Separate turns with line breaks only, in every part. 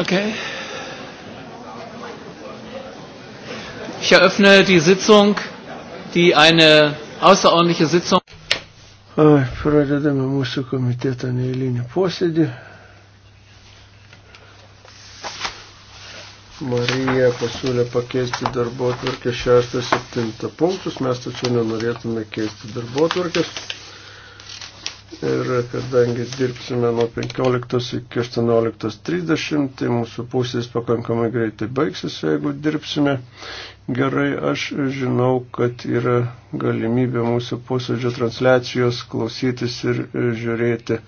Okay. Ich eröffne die Sitzung, die eine außerordentliche Sitzung. Pradedame mūsų komiteto neįlinį posėdį. Marija pasiūlė pakeisti darbo atvarkę 6-7 punktus, mes tačiau nenorėtume keisti darbo atvarkės. Ir kadangi dirbsime nuo 15 iki 18.30, tai mūsų pusės pakankamai greitai baigsis, jeigu dirbsime gerai. Aš žinau, kad yra galimybė mūsų posėdžio transliacijos klausytis ir žiūrėti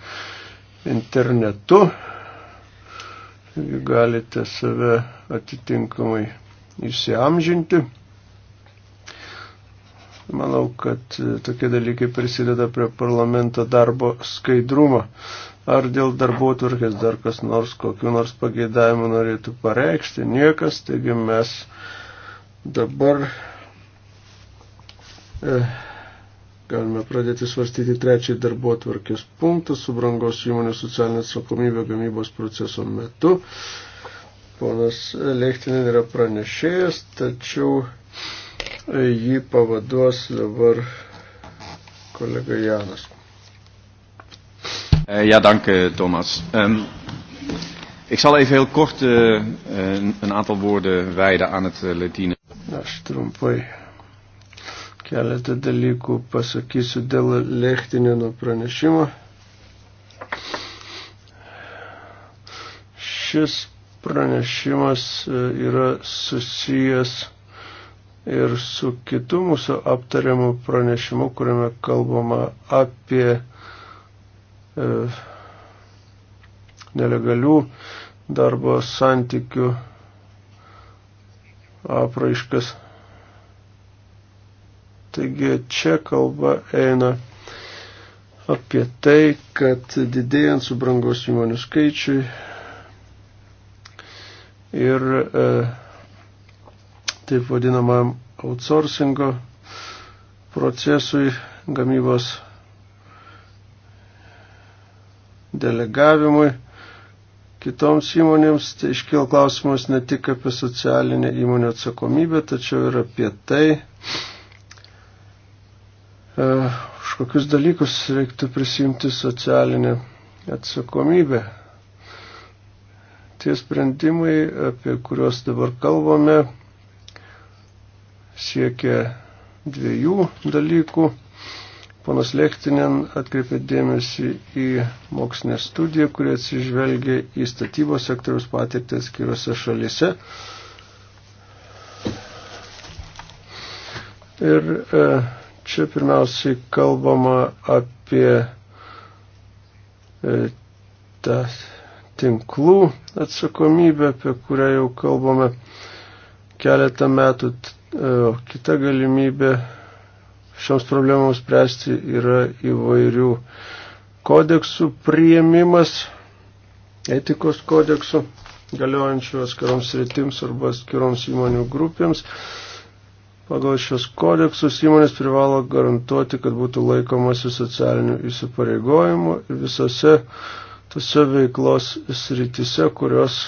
internetu. Galite save atitinkamai įsiamžinti. Manau, kad e, tokie dalykai prisideda prie parlamento darbo skaidrumo. Ar dėl darbo turkės dar kas nors, kokiu nors pageidavimu norėtų pareikšti? Niekas, taigi mes dabar e, galime pradėti svarstyti trečiąjį darbo tvarkės punktą su brangos įmonių socialinė atsakomybė gamybos proceso metu. Ponas Lechtinė yra pranešėjas, tačiau Jį pavaduos dabar kolega Janas. Eh, ja, dank eh, Thomas. Um, ik zal even heel kort uh, een, een aantal woorden wijden aan het uh, Latine. Aš trumpai keletą dalykų pasakysiu dėl Lechtinino pranešimo. Šis pranešimas yra susijęs ir su kitu mūsų aptariamu pranešimu, kuriame kalbama apie e, nelegalių darbo santykių apraiškas. Taigi čia kalba eina apie tai, kad didėjant su brangos įmonių skaičiui ir e, taip vadinamam outsourcingo procesui gamybos delegavimui kitoms įmonėms, tai iškil klausimas ne tik apie socialinę įmonių atsakomybę, tačiau ir apie tai, e, už kokius dalykus reiktų prisimti socialinę atsakomybę. Tie sprendimai, apie kuriuos dabar kalbame, siekia dviejų dalykų. Ponas Lektinen atkreipė dėmesį į mokslinę studiją, kurie atsižvelgia į statybos sektoriaus patirtį atskirose šalise. Ir e, čia pirmiausiai kalbama apie e, tą tinklų atsakomybę, apie kurią jau kalbame keletą metų. E, o kita galimybė šioms problemams spręsti yra įvairių kodeksų priėmimas, etikos kodeksų galiojančių atskiroms sritims arba atskiroms įmonių grupėms. Pagal šios kodeksus įmonės privalo garantuoti, kad būtų laikomasi socialinių įsipareigojimų visose tose veiklos sritise, kurios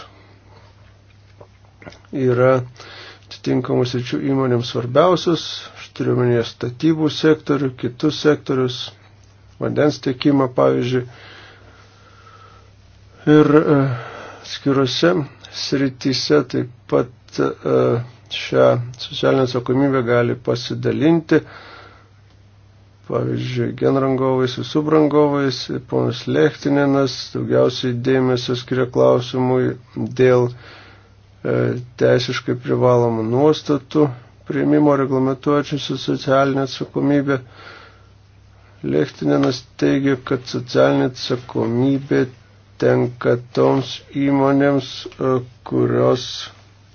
yra uh, atitinkamų sričių įmonėms svarbiausius, aš turiu minėję statybų sektorių, kitus sektorius, vandens tiekimą pavyzdžiui. Ir e, skiriuose srityse taip pat e, šią socialinę atsakomybę gali pasidalinti, pavyzdžiui, genrangovais ir subrangovais, ponas Lechtininas daugiausiai dėmesio skiria klausimui dėl E, teisiškai privalomų nuostatų prieimimo reglamentuojančių socialinę atsakomybę. Lechtininas teigia, kad socialinė atsakomybė tenka toms įmonėms, e, kurios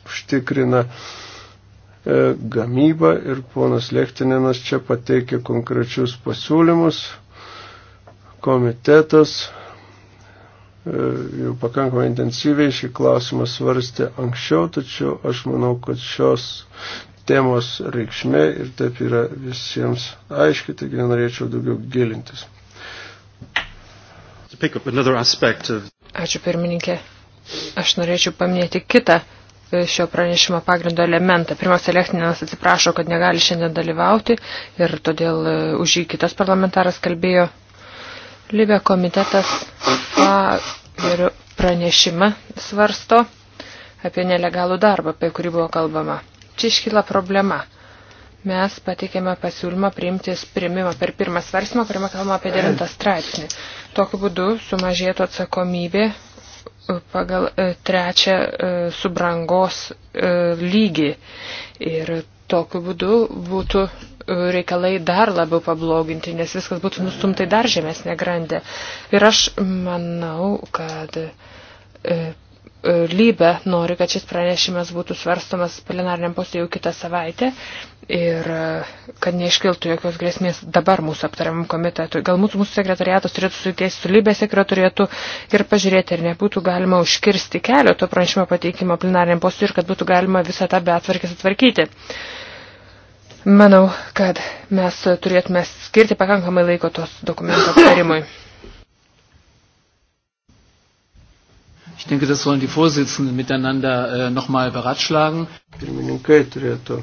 užtikrina e, gamybą ir ponas Lechtininas čia pateikė konkrečius pasiūlymus. Komitetas E, jau pakankamai intensyviai šį klausimą svarstė anksčiau, tačiau aš manau, kad šios temos reikšmė ir taip yra visiems aiški, taigi norėčiau daugiau gilintis.
Ačiū pirmininkė. Aš norėčiau paminėti kitą e, šio pranešimo pagrindo elementą. Pirmas Elektrinas atsiprašo, kad negali šiandien dalyvauti ir todėl e, už jį kitas parlamentaras kalbėjo Libė komitetas Fagerių pranešimą svarsto apie nelegalų darbą, apie kurį buvo kalbama. Čia iškyla problema. Mes pateikėme pasiūlymą priimti sprendimą per pirmą svarstymą, kuriame kalbama apie devintą straipsnį. Tokiu būdu sumažėtų atsakomybė e, pagal e, trečią e, subrangos lygį. Ir Tokiu būdu būtų e, reikalai dar labiau pabloginti, nes viskas būtų nustumtai dar žemesnė grandė. Ir aš manau, kad e, E, Lybe nori, kad šis pranešimas būtų svarstomas plenariniam posėdžiui jau kitą savaitę ir e, kad neiškiltų jokios grėsmės dabar mūsų aptariamam komitetui. Gal mūsų, mūsų sekretariatas turėtų suteisti su Lybe sekretariatu ir pažiūrėti, ar nebūtų galima užkirsti kelio to pranešimo pateikimo plenariniam posėdžiui ir kad būtų galima visą tą betvarkį sutvarkyti. Manau, kad mes turėtume skirti pakankamai laiko tos dokumento aptarimui.
Ich denke, das sollen die Vorsitzenden miteinander äh, nochmal beratschlagen. Pirmininkai turėtų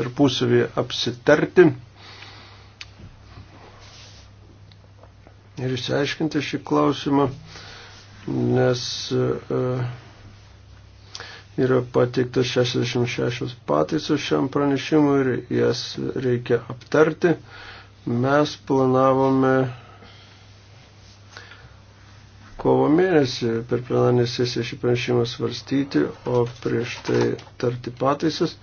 tarpusavį apsitarti ir išsiaiškinti šį klausimą, nes uh, yra pateiktas 66 pataisos šiam pranešimui ir jas reikia aptarti. Mes planavome kovo mėnesį per plenarinę sesiją šį pranešimą svarstyti, o prieš tai tarti pataisas.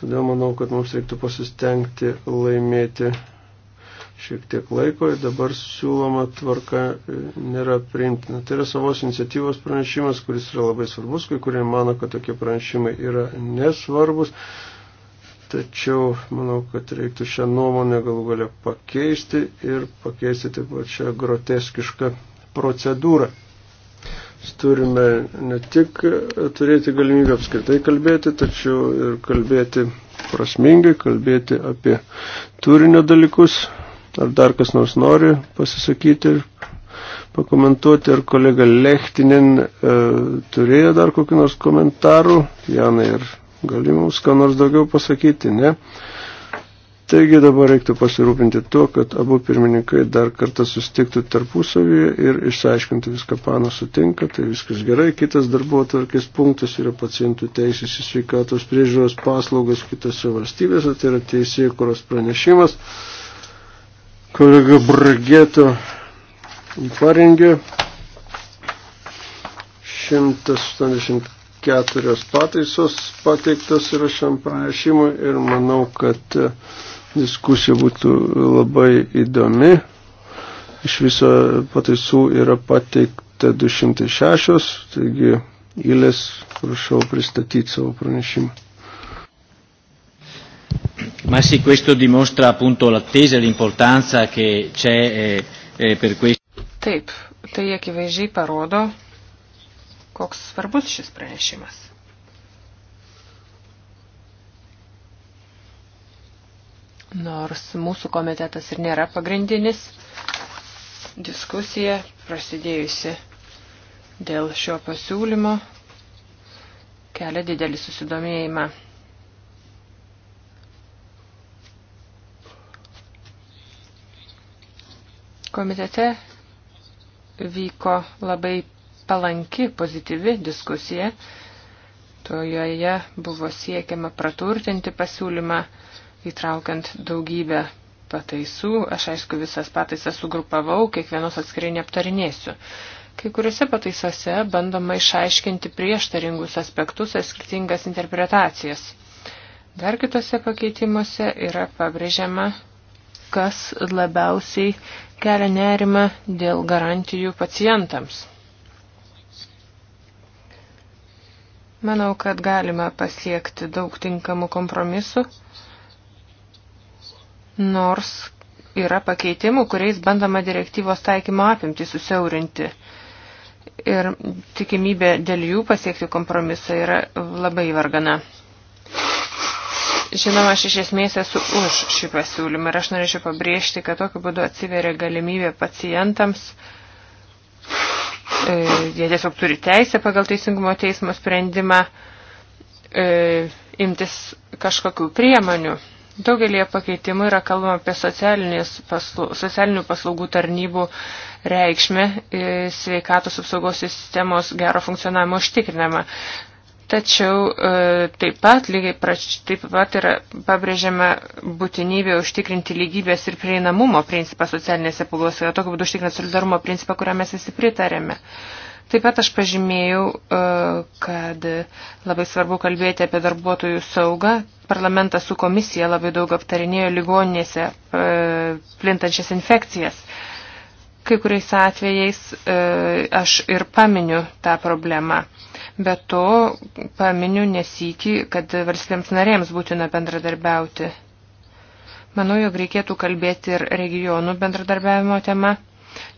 Todėl manau, kad mums reiktų pasistengti laimėti šiek tiek laiko ir dabar siūloma tvarka e, nėra priimtina. Tai yra savos iniciatyvos pranešimas, kuris yra labai svarbus, kai kurie mano, kad tokie pranešimai yra nesvarbus. Tačiau manau, kad reiktų šią nuomonę galų galę pakeisti ir pakeisti taip pat šią groteskišką procedūrą. Turime ne tik turėti galimybę apskritai kalbėti, tačiau ir kalbėti prasmingai, kalbėti apie turinio dalykus. Ar dar kas nors nori pasisakyti ir pakomentuoti, ar kolega Lechtinin e, turėjo dar kokį nors komentarų, Janai, ir gali mums ką nors daugiau pasakyti, ne? E, Taigi dabar reiktų pasirūpinti tuo, kad abu pirmininkai dar kartą sustiktų tarpusavyje ir išsiaiškintų viską pano sutinka, tai viskas gerai. Kitas darbuotvarkės punktas yra pacientų teisės į sveikatos priežiūros paslaugas kitose valstybėse, tai yra teisėjų kuros pranešimas. Kolega Brageto parengė 180 keturios pataisos pateiktos yra šiam pranešimui ir manau, kad diskusija būtų labai įdomi. Iš viso pataisų yra pateikta 206, taigi Ilės, prašau pristatyti savo pranešimą.
Ma sì, questo dimostra appunto l'attesa e l'importanza che c'è eh, eh, per questo. Taip, tai akivaizdžiai parodo, koks svarbus šis pranešimas. Nors mūsų komitetas ir nėra pagrindinis, diskusija prasidėjusi dėl šio pasiūlymo kelia didelį susidomėjimą. Komitete vyko labai palanki, pozityvi diskusija. Tojoje buvo siekiama praturtinti pasiūlymą įtraukiant daugybę pataisų. Aš aišku visas pataisas sugrupavau, kiekvienos atskirai neaptarinėsiu. Kai kuriuose pataisose bandoma išaiškinti prieštaringus aspektus ir skirtingas interpretacijas. Dar kitose pakeitimuose yra pabrėžiama, kas labiausiai kelia nerimą dėl garantijų pacientams. Manau, kad galima pasiekti daug tinkamų kompromisų nors yra pakeitimų, kuriais bandoma direktyvos taikymo apimti susiaurinti. Ir tikimybė dėl jų pasiekti kompromisą yra labai vargana. Žinoma, aš iš esmės esu už šį pasiūlymą ir aš norėčiau pabrėžti, kad tokiu būdu atsiveria galimybė pacientams. E, jie tiesiog turi teisę pagal teisingumo teismo sprendimą e, imtis kažkokių priemonių Daugelie pakeitimų yra kalbama apie paslu, socialinių paslaugų tarnybų reikšmę e, sveikatos apsaugos sistemos gero funkcionavimo užtikrinimą. Tačiau e, taip pat, lygiai prač, taip pat yra pabrėžiama būtinybė užtikrinti lygybės ir prieinamumo principą socialinėse paslaugose, tokiu būdu užtikrinti solidarumo principą, kurią mes visi pritarėme. Uh, Taip pat aš pažymėjau, e, kad labai svarbu kalbėti apie darbuotojų saugą. Parlamentas su komisija labai daug aptarinėjo ligoninėse e, plintančias infekcijas. Kai kuriais atvejais e, aš ir paminiu tą problemą. Be to paminiu nesykį, kad valstybėms narėms būtina bendradarbiauti. Manau, jog reikėtų kalbėti ir regionų bendradarbiavimo tema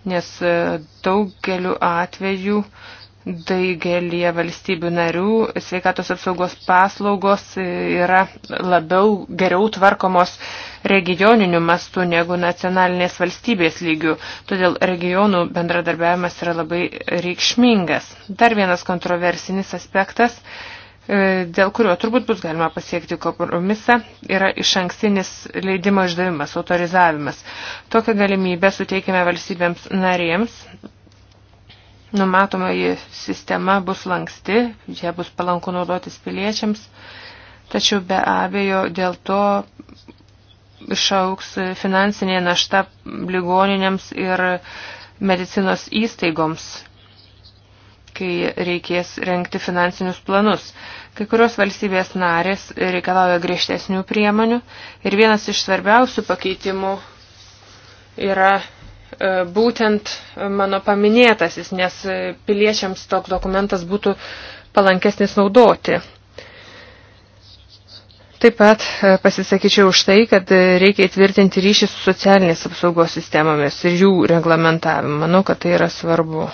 nes e, daugeliu atveju daugelie valstybių narių sveikatos apsaugos paslaugos e, yra labiau geriau tvarkomos regioniniu mastu negu nacionalinės valstybės lygių, todėl regionų bendradarbiavimas yra labai reikšmingas. Dar vienas kontroversinis aspektas E, dėl kurio turbūt bus galima pasiekti kompromisą, yra iš ankstinis leidimo išdavimas, autorizavimas. Tokią galimybę suteikime valstybėms narėms. Numatoma, ji sistema bus lanksti, jie bus palanku naudotis piliečiams, tačiau be abejo dėl to išauks finansinė našta ligoninėms ir medicinos įstaigoms, kai reikės renkti finansinius planus. Kai kurios valstybės narės reikalauja griežtesnių priemonių ir vienas iš svarbiausių pakeitimų yra e, būtent mano paminėtasis, nes piliečiams toks dokumentas būtų palankesnis naudoti. Taip pat e, pasisakyčiau už tai, kad reikia įtvirtinti ryšį su socialinės apsaugos sistemomis ir jų reglamentavimu. Manau, kad tai yra svarbu.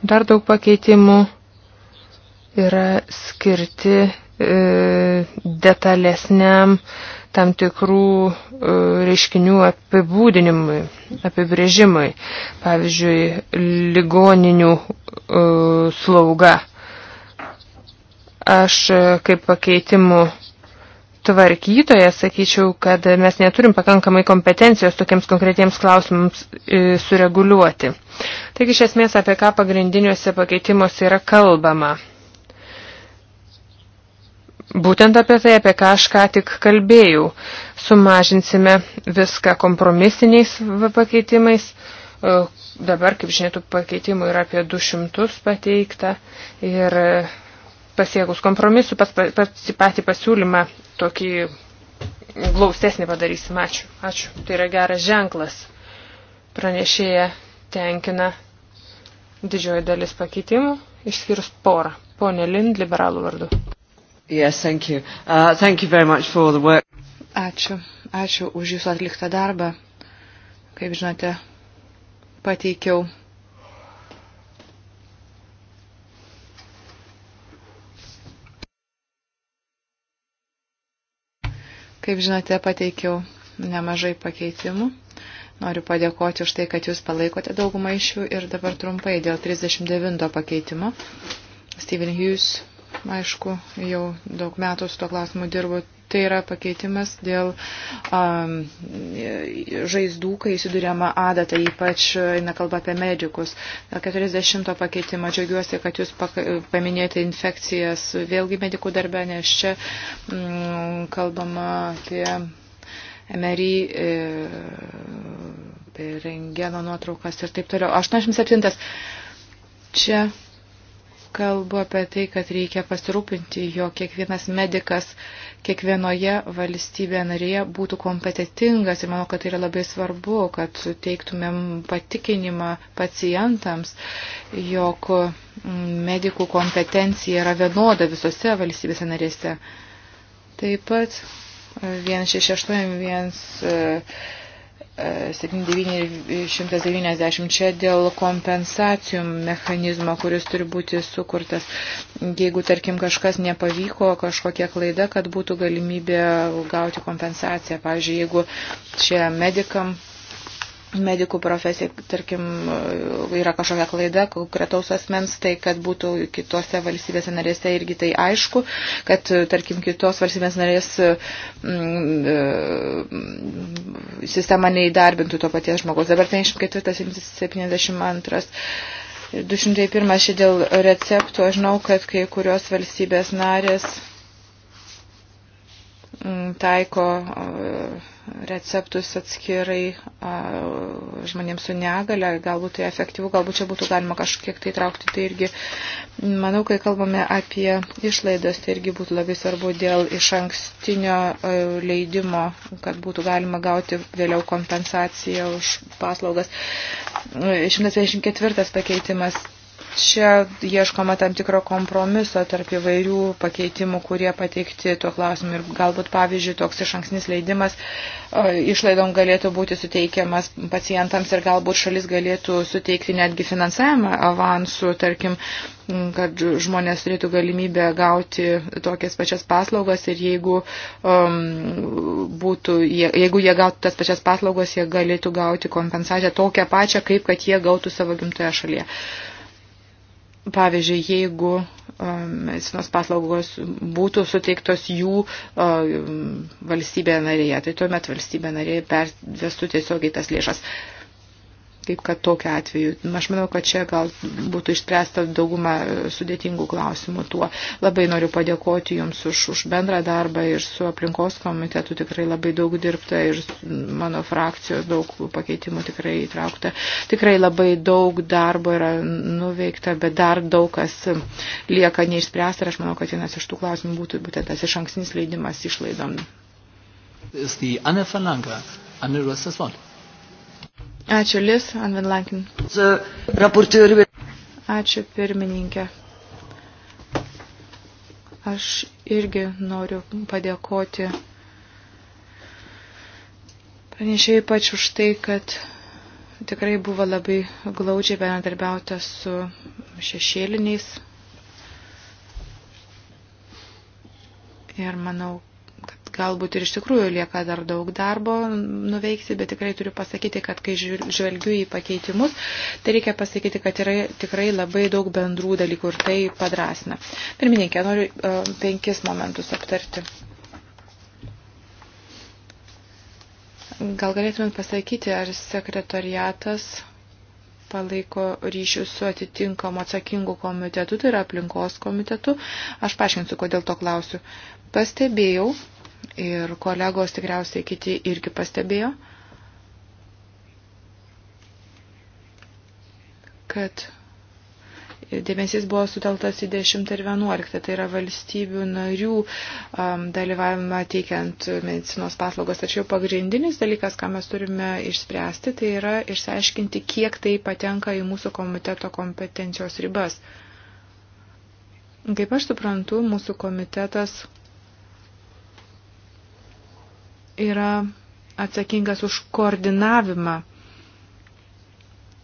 Dar daug pakeitimų yra skirti e, detalesniam tam tikrų e, reiškinių apibūdinimui, apibrėžimui. Pavyzdžiui, ligoninių e, slauga. Aš e, kaip pakeitimų tvarkytoja, sakyčiau, kad mes neturim pakankamai kompetencijos tokiems konkretiems klausimams e, sureguliuoti. Taigi, iš esmės, apie ką pagrindiniuose pakeitimuose yra kalbama. Būtent apie tai, apie ką aš ką tik kalbėjau, sumažinsime viską kompromisiniais pakeitimais. E, dabar, kaip žinia, tų pakeitimų yra apie 200 pateikta ir pasiekus kompromisu, pas, pas, patį pasiūlymą tokį glaustesnį padarysim. Ačiū. Ačiū. Tai yra geras ženklas. Pranešėja tenkina didžioji dalis pakeitimų, išskyrus porą. Pone Lind, liberalų vardu. Yes, thank you. Uh, thank you very much for the work. Ačiū. Ačiū už jūsų atliktą darbą. Kaip žinote,
pateikiau Kaip žinote, pateikiau nemažai pakeitimų. Noriu padėkoti už tai, kad jūs palaikote daugumą iš jų ir dabar trumpai dėl 39 pakeitimo. Steven Hughes aišku, jau daug metų su to klausimu dirbu. Tai yra pakeitimas dėl um, žaizdų, kai įsidurėma adata, ypač eina kalba apie medikus. 40 pakeitimą džiaugiuosi, kad jūs paminėjote infekcijas vėlgi medikų darbę, nes čia mm, kalbama apie MRI. E, rengeno nuotraukas ir taip toliau. 87. Čia kalbu apie tai, kad reikia pasirūpinti, jog kiekvienas medikas kiekvienoje valstybėje narėje būtų kompetitingas ir manau, kad tai yra labai svarbu, kad suteiktumėm patikinimą pacientams, jog medikų kompetencija yra vienoda visose valstybėse narėse. Taip pat 168, 1. 7990 čia dėl kompensacijų mechanizmo, kuris turi būti sukurtas. Jeigu, tarkim, kažkas nepavyko, kažkokia klaida, kad būtų galimybė gauti kompensaciją. Pavyzdžiui, jeigu čia medikam medikų profesija, tarkim, yra kažkokia klaida konkretaus asmens, tai kad būtų kitose valstybėse narėse irgi tai aišku, kad, tarkim, kitos valstybės narės mm, e, sistema neįdarbintų to paties žmogaus. Dabar 74-72. 201 ši dėl receptų, aš žinau, kad kai kurios valstybės narės mm, taiko uh, receptus atskirai žmonėms su negale, galbūt tai efektyvų, galbūt čia būtų galima kažkiek tai traukti. Tai irgi, manau, kai kalbame apie išlaidas, tai irgi būtų labai svarbu dėl iš ankstinio leidimo, kad būtų galima gauti vėliau kompensaciją už paslaugas. 124 pakeitimas Čia ieškoma tam tikro kompromiso tarp įvairių pakeitimų, kurie pateikti tuo klausimu. Ir galbūt, pavyzdžiui, toks iš anksnis leidimas išlaidom galėtų būti suteikiamas pacientams ir galbūt šalis galėtų suteikti netgi finansavimą avansų, tarkim, kad žmonės turėtų galimybę gauti tokias pačias paslaugas ir jeigu, um, būtų, jie, jeigu jie gautų tas pačias paslaugas, jie galėtų gauti kompensaciją tokią pačią, kaip kad jie gautų savo gimtoje šalyje. Uh, Pavyzdžiui, jeigu e, medicinos paslaugos būtų suteiktos jų e, valstybė narėje, tai tuomet valstybė narėje pervestų tiesiogiai tas lėšas. Taip kad tokiu atveju. Aš manau, kad čia gal būtų išspręsta dauguma sudėtingų klausimų tuo. Labai noriu padėkoti Jums už, už bendrą darbą ir su aplinkos komitetu tikrai labai daug dirbta ir mano frakcijos daug pakeitimų tikrai įtraukta. Tikrai labai daug darbo yra nuveikta, bet dar daug kas lieka neišspręsta ir aš manau, kad vienas iš tų klausimų būtų būtent tas iš ankstinis leidimas išlaidom.
Anne, Anne, du hast das Wort.
Ačiū, Lis Anvinlankin. Ačiū, pirmininkė. Aš irgi noriu padėkoti pranešėjai pač už tai, kad tikrai buvo labai glaudžiai bendradarbiauta su šešėliniais. Ir manau, galbūt ir iš tikrųjų lieka dar daug darbo nuveikti, bet tikrai turiu pasakyti, kad kai žvelgiu į pakeitimus, tai reikia pasakyti, kad yra tikrai labai daug bendrų dalykų ir tai padrasina. Pirmininkė, noriu uh, penkis momentus aptarti. Gal galėtumėt pasakyti, ar sekretariatas palaiko ryšius su atitinkamu atsakingu komitetu, tai yra aplinkos komitetu. Aš paaiškinsiu, kodėl to klausiu. Pastebėjau, ir kolegos tikriausiai kiti irgi pastebėjo, kad dėmesys buvo suteltas į 10 ir 11, tai yra valstybių narių um, dalyvavimą teikiant medicinos paslaugos. Tačiau pagrindinis dalykas, ką mes turime išspręsti, tai yra išsiaiškinti, kiek tai patenka į mūsų komiteto kompetencijos ribas. Kaip aš suprantu, mūsų komitetas yra atsakingas už koordinavimą,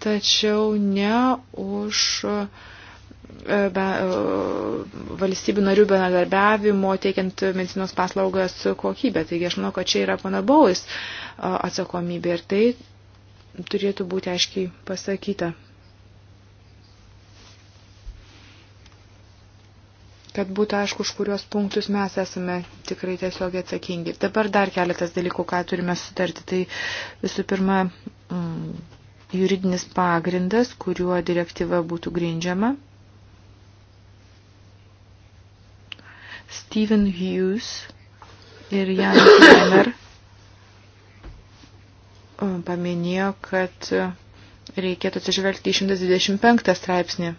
tačiau ne už e, be, e, valstybių narių bendradarbiavimo teikiant medicinos paslaugas kokybę. Taigi aš manau, kad čia yra panabaus e, atsakomybė ir tai turėtų būti aiškiai pasakyta. kad būtų aišku, už kuriuos punktus mes esame tikrai tiesiog atsakingi. Dabar dar keletas dalykų, ką turime sutarti. Tai visų pirma, mm, juridinis pagrindas, kuriuo direktyva būtų grindžiama. Steven Hughes ir Jan Kramer mm, paminėjo, kad mm, reikėtų atsižvelgti į 125 straipsnį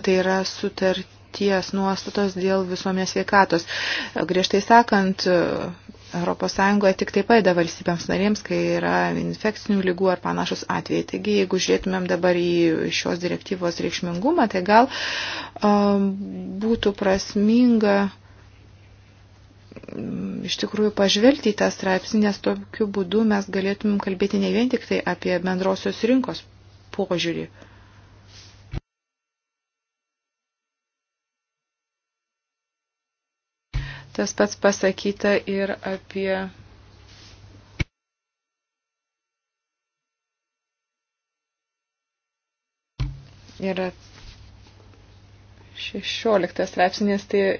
Tai yra sutarties nuostatos dėl visuomės sveikatos. Griežtai sakant, ES tik taip paėda valstybėms narėms, kai yra infekcinių lygų ar panašus atvejai. Taigi, jeigu žiūrėtumėm dabar į šios direktyvos reikšmingumą, tai gal um, būtų prasminga mm, iš tikrųjų pažvelgti į tą straipsnį, nes tokiu būdu mes galėtumėm kalbėti ne vien tik tai apie bendrosios rinkos požiūrį. Uh, Tas pats pasakyta ir apie yra 16 straipsnės, tai e,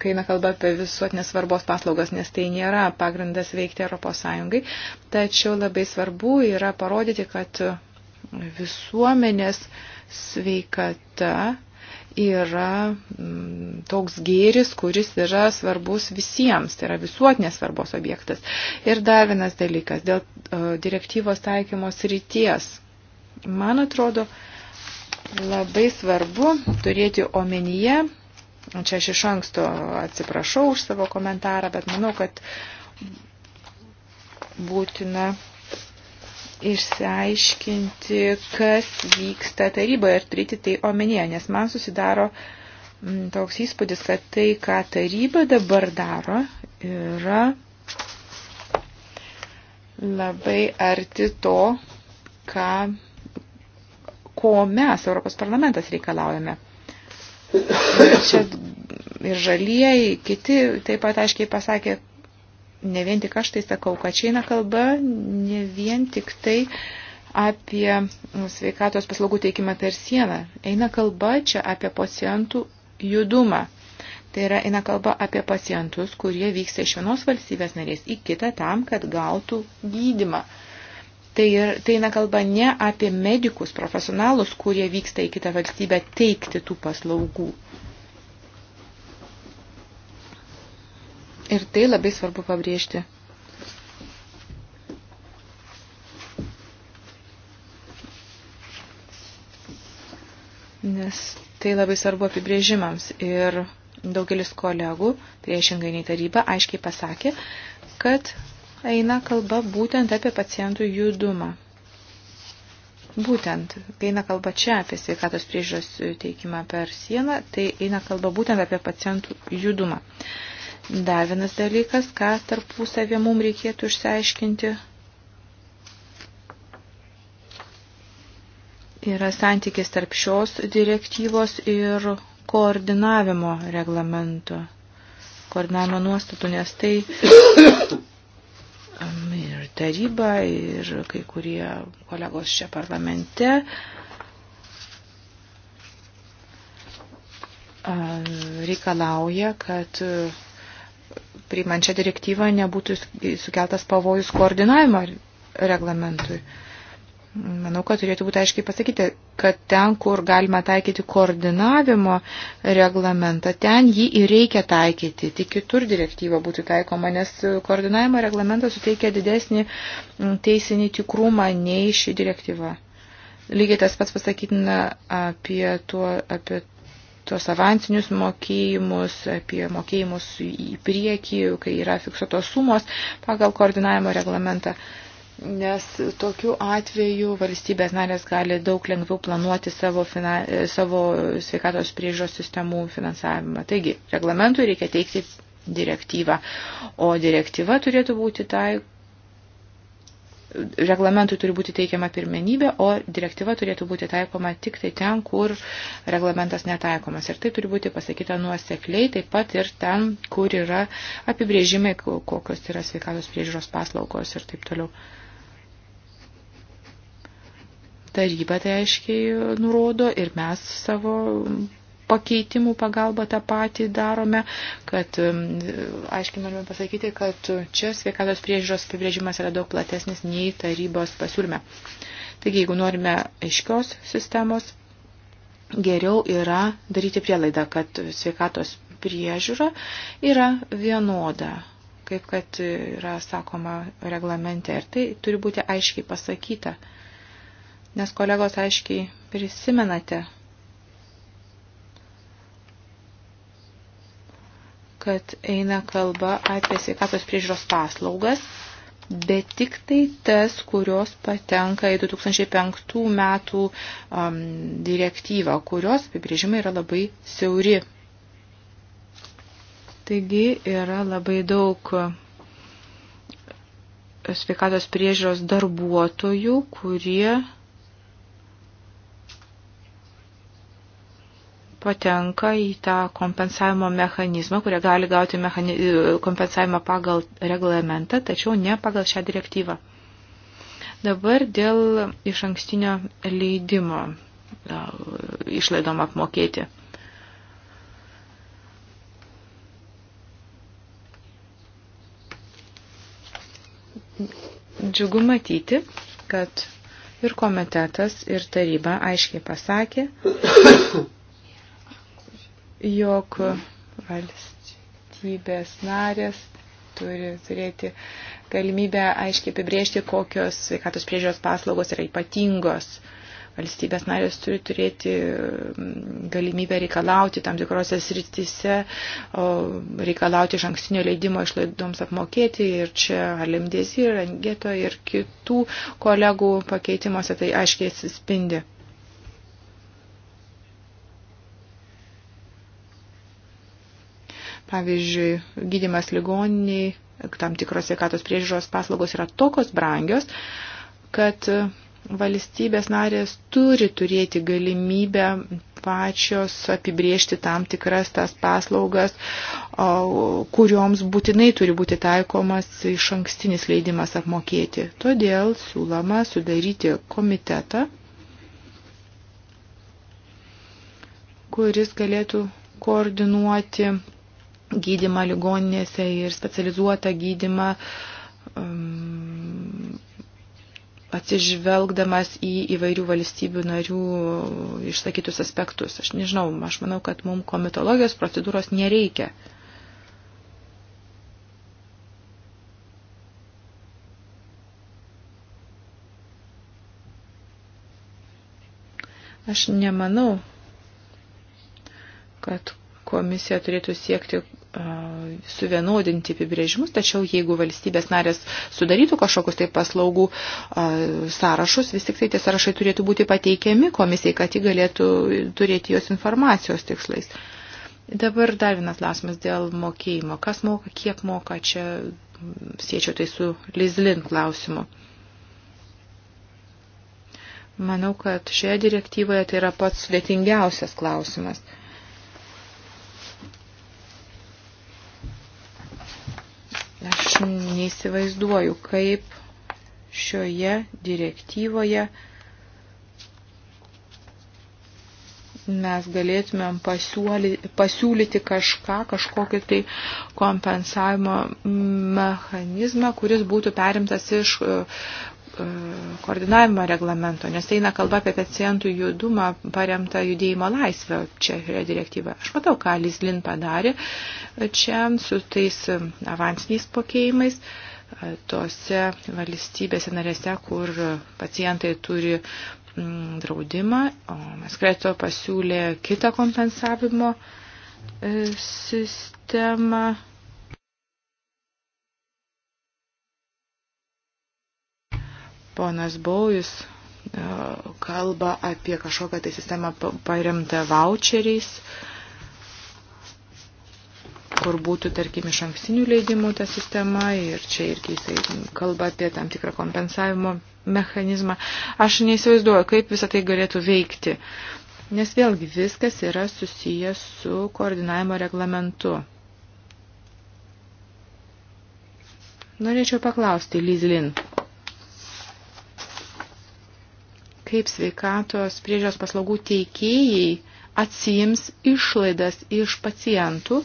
kai eina kalba apie visuotinės svarbos paslaugas, nes tai nėra pagrindas veikti Europos Sąjungai. Tačiau labai svarbu yra parodyti, kad visuomenės sveikata yra mm, toks gėris, kuris yra svarbus visiems, tai yra visuotinės svarbos objektas. Ir dar vienas dalykas dėl e, direktyvos taikymos ryties. Man atrodo, labai svarbu turėti omenyje, čia aš iš anksto atsiprašau už savo komentarą, bet manau, kad būtina išsiaiškinti, kas vyksta taryboje ir turėti tai omenyje, nes man susidaro mm, toks įspūdis, kad tai, ką taryba dabar daro, yra labai arti to, ką, ko mes, Europos parlamentas, reikalaujame. Ir čia ir žalieji, kiti taip pat aiškiai pasakė, ne vien tik aš tai sakau, kad čia eina kalba ne vien tik tai apie sveikatos paslaugų teikimą per sieną. Eina kalba čia apie pacientų judumą. Tai yra eina kalba apie pacientus, kurie vyksta iš vienos valstybės narės į kitą tam, kad gautų gydimą. Tai, ir, tai eina kalba ne apie medikus, profesionalus, kurie vyksta į kitą valstybę teikti tų paslaugų. Ir tai labai svarbu pabrėžti. Nes tai labai svarbu apibrėžimams. Ir daugelis kolegų, priešingai nei taryba, aiškiai pasakė, kad eina kalba būtent apie pacientų judumą. Būtent, kai eina kalba čia apie sveikatos priežiūros teikimą per sieną, tai eina kalba būtent apie pacientų judumą. Uh, Dar vienas dalykas, ką tarpusavė mums reikėtų išsiaiškinti, yra santykis tarp šios direktyvos ir koordinavimo reglamento, koordinavimo nuostatų, nes tai ir taryba, ir kai kurie kolegos čia parlamente reikalauja, kad priimant šią direktyvą nebūtų sukeltas pavojus koordinavimo reglamentui. Manau, kad turėtų būti aiškiai pasakyti, kad ten, kur galima taikyti koordinavimo reglamentą, ten jį ir reikia taikyti. Tik kitur direktyva būtų taikoma, nes koordinavimo reglamentas suteikia didesnį mm, teisinį tikrumą nei ši direktyva. Lygiai tas pats pasakytina apie, tuo, apie tuos avansinius mokėjimus, apie mokėjimus į priekį, kai yra fiksuotos sumos pagal koordinavimo reglamentą. Nes tokiu atveju valstybės narės gali daug lengviau planuoti savo, fina, savo sveikatos priežos sistemų finansavimą. Taigi, reglamentui reikia teikti direktyvą, o direktyva turėtų būti taikoma reglamentui turi būti teikiama pirmenybė, o direktyva turėtų būti taikoma tik tai ten, kur reglamentas netaikomas. Ir tai turi būti pasakyta nuosekliai, taip pat ir ten, kur yra apibrėžimai, kokios yra sveikatos priežiūros paslaugos ir taip toliau. Taryba tai aiškiai nurodo ir mes savo pakeitimų pagalba tą patį darome, kad um, aiškiai norime pasakyti, kad čia sveikatos priežiūros apibrėžimas yra daug platesnis nei tarybos pasiūlyme. Taigi, jeigu norime aiškios sistemos, geriau yra daryti prielaidą, kad sveikatos priežiūra yra vienoda kaip kad yra sakoma reglamente. Ir tai turi būti aiškiai pasakyta, nes kolegos aiškiai prisimenate kad eina kalba apie sveikatos priežiūros paslaugas, bet tik tai tas, kurios patenka į 2005 metų um, direktyvą, kurios apibrėžimai yra labai siauri. Taigi yra labai daug uh, sveikatos priežiūros darbuotojų, kurie patenka į tą kompensavimo mechanizmą, kurie gali gauti mechani... kompensavimą pagal reglamentą, tačiau ne pagal šią direktyvą. Dabar dėl iš ankstinio leidimo išlaidom apmokėti. Džiugu matyti, kad ir komitetas, ir taryba aiškiai pasakė, jog valstybės narės turi turėti galimybę aiškiai apibriežti, kokios sveikatos priežiūros paslaugos yra ypatingos. Valstybės narės turi turėti mm, galimybę reikalauti tam tikrose sritise, reikalauti iš ankstinio leidimo išlaidoms apmokėti ir čia Alimdėzi, Rangeto ir kitų kolegų pakeitimuose tai aiškiai atsispindi. Pavyzdžiui, gydimas ligoniniai, tam tikros sveikatos priežiūros paslaugos yra tokios brangios, kad valstybės narės turi turėti galimybę pačios apibriežti tam tikras tas paslaugas, kurioms būtinai turi būti taikomas iš ankstinis leidimas apmokėti. Todėl siūloma sudaryti komitetą, kuris galėtų koordinuoti gydimą ligoninėse ir specializuotą gydimą, um, atsižvelgdamas į įvairių valstybių narių išsakytus aspektus. Aš nežinau, aš manau, kad mums komitologijos procedūros nereikia. Aš nemanau, kad komisija turėtų siekti suvienodinti apibrėžimus, tačiau jeigu valstybės narės sudarytų kažkokius tai paslaugų sąrašus, vis tik tai tie sąrašai turėtų būti pateikiami komisijai, kad ji galėtų turėti jos informacijos tikslais. Dabar dar vienas klausimas dėl mokėjimo. Kas moka, kiek moka, čia siečiau tai su Lizlin klausimu. Manau, kad šioje direktyvoje tai yra pats sudėtingiausias klausimas. Uh, Aš neįsivaizduoju, kaip šioje direktyvoje mes galėtumėm pasiūlyti, pasiūlyti kažką, kažkokį tai kompensavimo mechanizmą, kuris būtų perimtas iš E, koordinavimo reglamento, nes tai eina kalba apie pacientų judumą paremtą judėjimo laisvę čia yra direktyva. Aš matau, ką Lizlin padarė čia su tais avansiniais pokėjimais e, tose valstybėse narėse, kur pacientai turi draudimą, o Maskreto pasiūlė kitą kompensavimo e, sistemą Ponas Baujus e, kalba apie kažkokią tai sistemą paremtą voucheriais, kur būtų, tarkim, iš ankstinių leidimų ta sistema ir čia irgi jisai kalba apie tam tikrą kompensavimo mechanizmą. Aš neįsivaizduoju, kaip visą tai galėtų veikti, nes vėlgi viskas yra susijęs su koordinavimo reglamentu. Norėčiau paklausti, Lizlin. kaip sveikatos priežios paslaugų teikėjai atsijims išlaidas iš pacientų.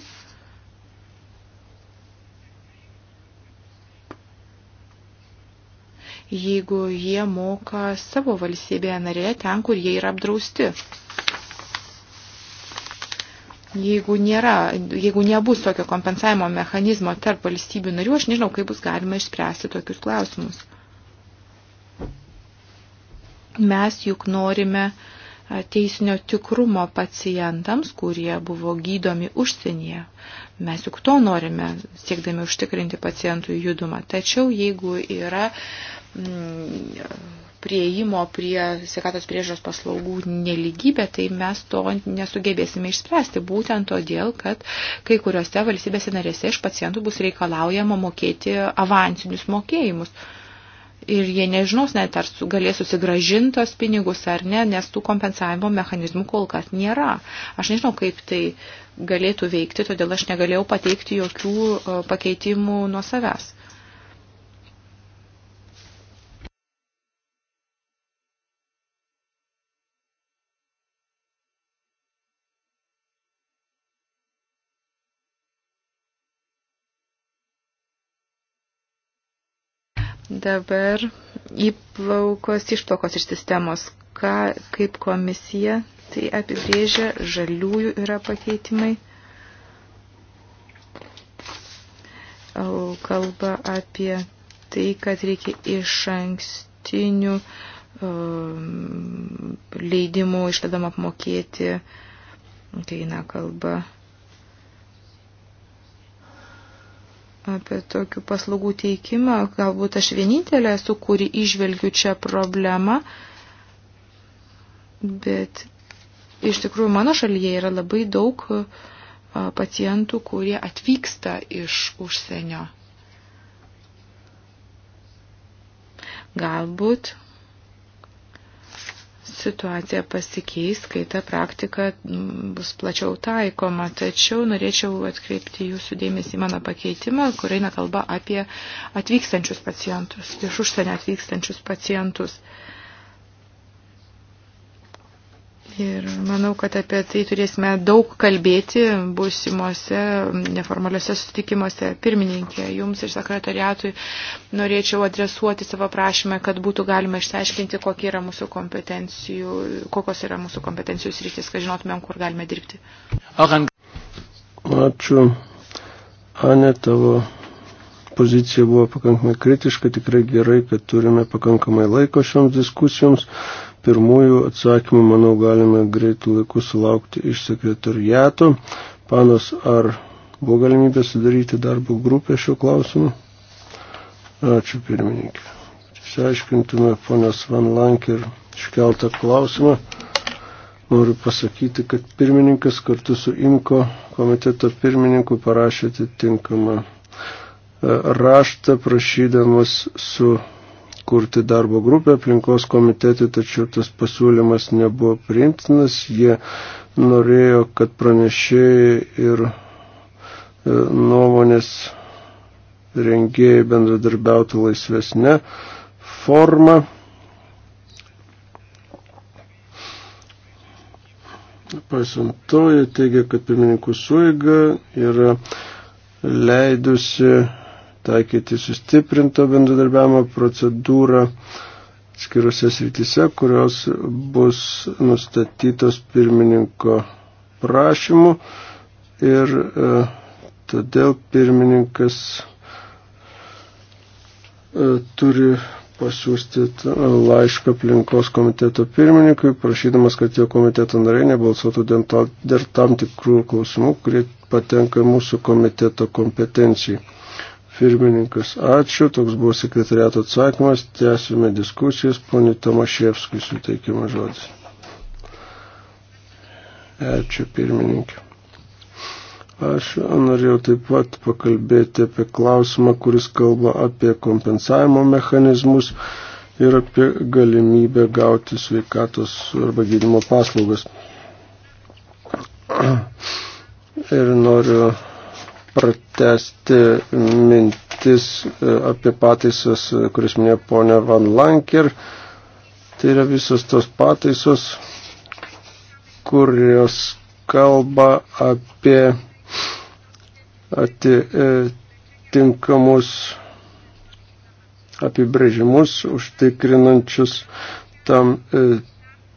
jeigu jie moka savo valstybėje narėje ten, kur jie yra apdrausti. Jeigu, nėra, jeigu nebus tokio kompensavimo mechanizmo tarp valstybių narių, aš nežinau, kaip bus galima išspręsti tokius klausimus. Mes juk norime teisinio tikrumo pacientams, kurie buvo gydomi užsienyje. Mes juk to norime, siekdami užtikrinti pacientų judumą. Tačiau jeigu yra mm, prieimo prie sveikatos priežos paslaugų neligybė, tai mes to nesugebėsime išspręsti. Būtent todėl, kad kai kuriuose valstybėse narėse iš pacientų bus reikalaujama mokėti avansinius mokėjimus ir jie nežinos net ar su, galės susigražintos pinigus ar ne, nes tų kompensavimo mechanizmų kol kas nėra. Aš nežinau, kaip tai galėtų veikti, todėl aš negalėjau pateikti jokių pakeitimų nuo savęs. Dabar įplaukos išplaukos iš sistemos, ką, kaip komisija tai apibrėžia, žaliųjų yra pakeitimai. Kalba apie tai, kad reikia iš ankstinių leidimų išladam apmokėti, kai eina kalba apie tokių paslaugų teikimą. Galbūt aš vienintelė esu, kuri išvelgiu čia problemą, bet iš tikrųjų mano šalyje yra labai daug pacientų, kurie atvyksta iš užsienio. Galbūt situacija pasikeis, kai ta praktika mm, bus plačiau taikoma. Tačiau norėčiau atkreipti jūsų dėmesį į mano pakeitimą, kur eina kalba apie atvykstančius pacientus, iš užsienio atvykstančius pacientus. Uh, Ir manau, kad apie tai turėsime daug kalbėti būsimuose neformaliuose sutikimuose. Pirmininkė, jums ir sekretariatui norėčiau adresuoti savo prašymą, kad būtų galima išsiaiškinti, kokie yra mūsų kompetencijų, kokios yra mūsų kompetencijų sritis, kad žinotumėm, kur galime dirbti.
Ačiū. Ane, tavo pozicija buvo pakankamai kritiška, tikrai gerai, kad turime pakankamai laiko šioms diskusijoms. Pirmųjų atsakymų, manau, galime greitų laikų sulaukti iš sekretariato. Panas, ar buvo galimybė sudaryti darbo grupę šiuo klausimu? Ačiū pirmininkė. Išsiaiškintume ponios Van Lanker iškeltą klausimą. Noriu pasakyti, kad pirmininkas kartu su IMKO komiteto pirmininku parašė atitinkamą e, raštą prašydamas su kurti darbo grupę aplinkos komitetui, tačiau tas pasiūlymas nebuvo priimtinas. Jie norėjo, kad pranešėjai ir e, nuomonės rengėjai bendradarbiautų laisvesnė forma. Paisant to, jie teigia, kad pirmininkų suiga yra leidusi taikyti sustiprinto bendradarbiavimo procedūrą skiriuose srityse, kurios bus nustatytos pirmininko prašymu ir e, todėl pirmininkas e, turi pasiūsti laišką aplinkos komiteto pirmininkui, prašydamas, kad jo komiteto nariai nebalsuotų dėl tam tikrų klausimų, kurie patenka mūsų komiteto kompetencijai. Pirmininkas, ačiū, toks buvo sekretariato atsakymas, tęsime diskusijas, ponė Tomaševskui suteikimas žodis. Ačiū, pirmininkė. Aš norėjau taip pat pakalbėti apie klausimą, kuris kalba apie kompensavimo mechanizmus ir apie galimybę gauti sveikatos arba gydymo paslaugas. Ir noriu pratesti mintis e, apie pataisas, e, kuris minėjo ponia Van Lanker. Tai yra visos tos pataisos, kurios kalba apie atitinkamus e, apibrėžimus, užtikrinančius tam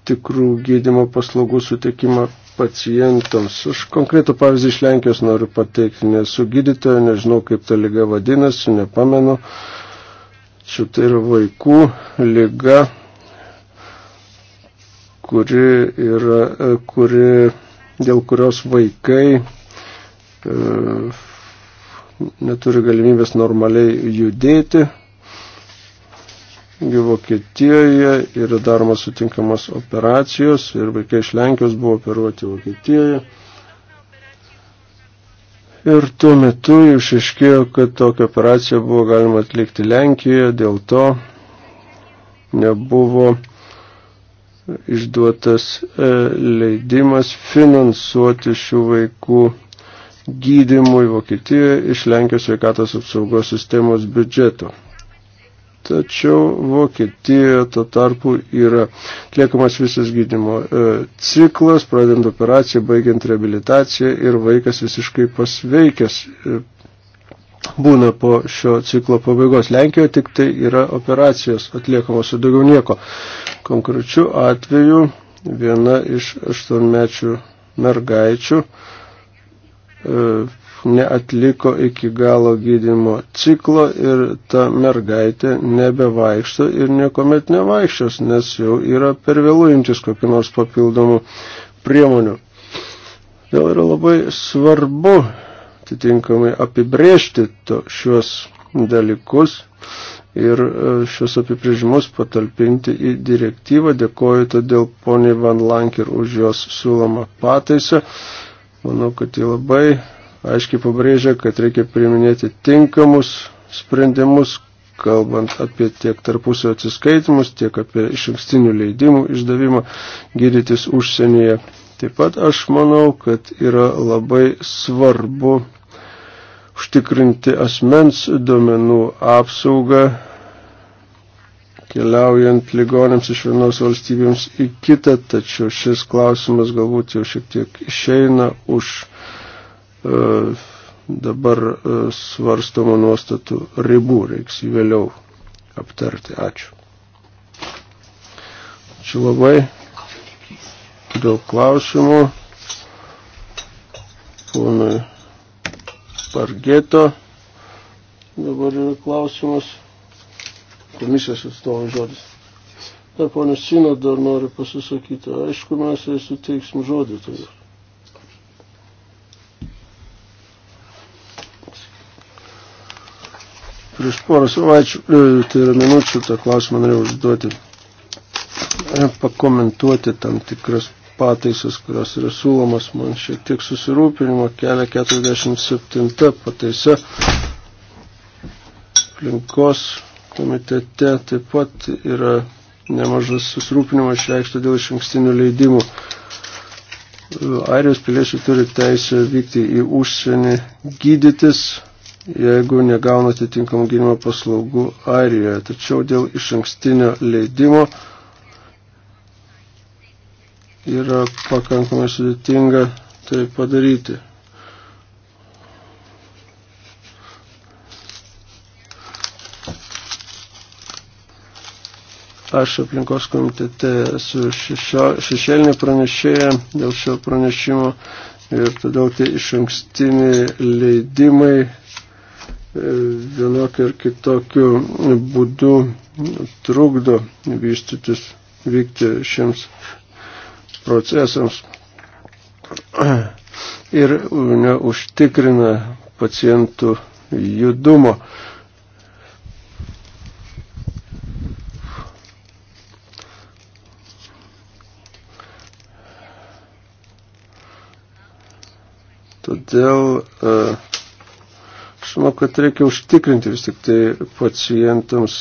tikrų gydimo paslaugų sutikimą pacientams. Aš konkretų pavyzdį iš Lenkijos noriu pateikti, nesu gydytoja, nežinau kaip ta lyga vadinasi, nepamenu. Čia tai yra vaikų lyga, kuri yra, e, kuri, dėl kurios vaikai e, neturi galimybės normaliai judėti, Vokietijoje yra daromas sutinkamas operacijos ir vaikai iš Lenkijos buvo operuoti Vokietijoje. Ir tuo metu išaiškėjo, kad tokią operaciją buvo galima atlikti Lenkijoje, dėl to nebuvo išduotas e, leidimas finansuoti šių vaikų gydymui Vokietijoje iš Lenkijos sveikatos apsaugos sistemos biudžeto. Tačiau Vokietijoje to tarpu yra atliekamas visas gydymo e, ciklas, pradedant operaciją, baigiant rehabilitaciją ir vaikas visiškai pasveikęs e, būna po šio ciklo pabaigos. Lenkijoje tik tai yra operacijos atliekamos su daugiau nieko. Konkrečiu atveju viena iš aštuonmečių mergaičių e, neatliko iki galo gydimo ciklo ir ta mergaitė nebevaikšto ir niekuomet nevaikščios, nes jau yra per vėlų imtis kokiu nors papildomų priemonių. Dėl yra labai svarbu atitinkamai apibrėžti to, šiuos dalykus ir e, šios apibrėžimus patalpinti į direktyvą. Dėkoju todėl poniai Van Lanker už jos siūlomą pataisą. Manau, kad ji labai aiškiai pabrėžia, kad reikia priminėti tinkamus sprendimus, kalbant apie tiek tarpusio atsiskaitimus, tiek apie išankstinių leidimų išdavimą gydytis užsienyje. Taip pat aš manau, kad yra labai svarbu užtikrinti asmens duomenų apsaugą, keliaujant ligonėms iš vienos valstybėms į kitą, tačiau šis klausimas galbūt jau šiek tiek išeina už dabar e, svarstoma nuostatų ribų, reiks jį vėliau aptarti. Ačiū. Ačiū labai. Daug klausimų. Ponui Pargeto. Dabar yra klausimas. Komisijos atstovų žodis. Dar ponas Sino dar nori pasisakyti. Aišku, mes jai suteiksim žodį todėl. Prieš porą savaičių, e, tai yra minučių, tą klausimą norėjau užduoti, pakomentuoti tam tikras pataisas, kurios yra siūlomas. Man šiek tiek susirūpinimo kelia 47 pataisa aplinkos komitete taip pat yra nemažas susirūpinimas išreikšta dėl išankstinių leidimų. E, Airijos piliečiai turi teisę vykti į užsienį gydytis, jeigu negauna atitinkamų gynimo paslaugų Airijoje. Tačiau dėl iš ankstinio leidimo yra pakankamai sudėtinga tai padaryti. Aš aplinkos komitete esu šešėlinė pranešėja dėl šio pranešimo ir todėl tie iš ankstiniai leidimai vienokiu ar kitokiu būdu trukdo vystytis, vykti šiems procesams ir neužtikrina pacientų judumo. Todėl uh, manau, kad reikia užtikrinti vis tik tai pacientams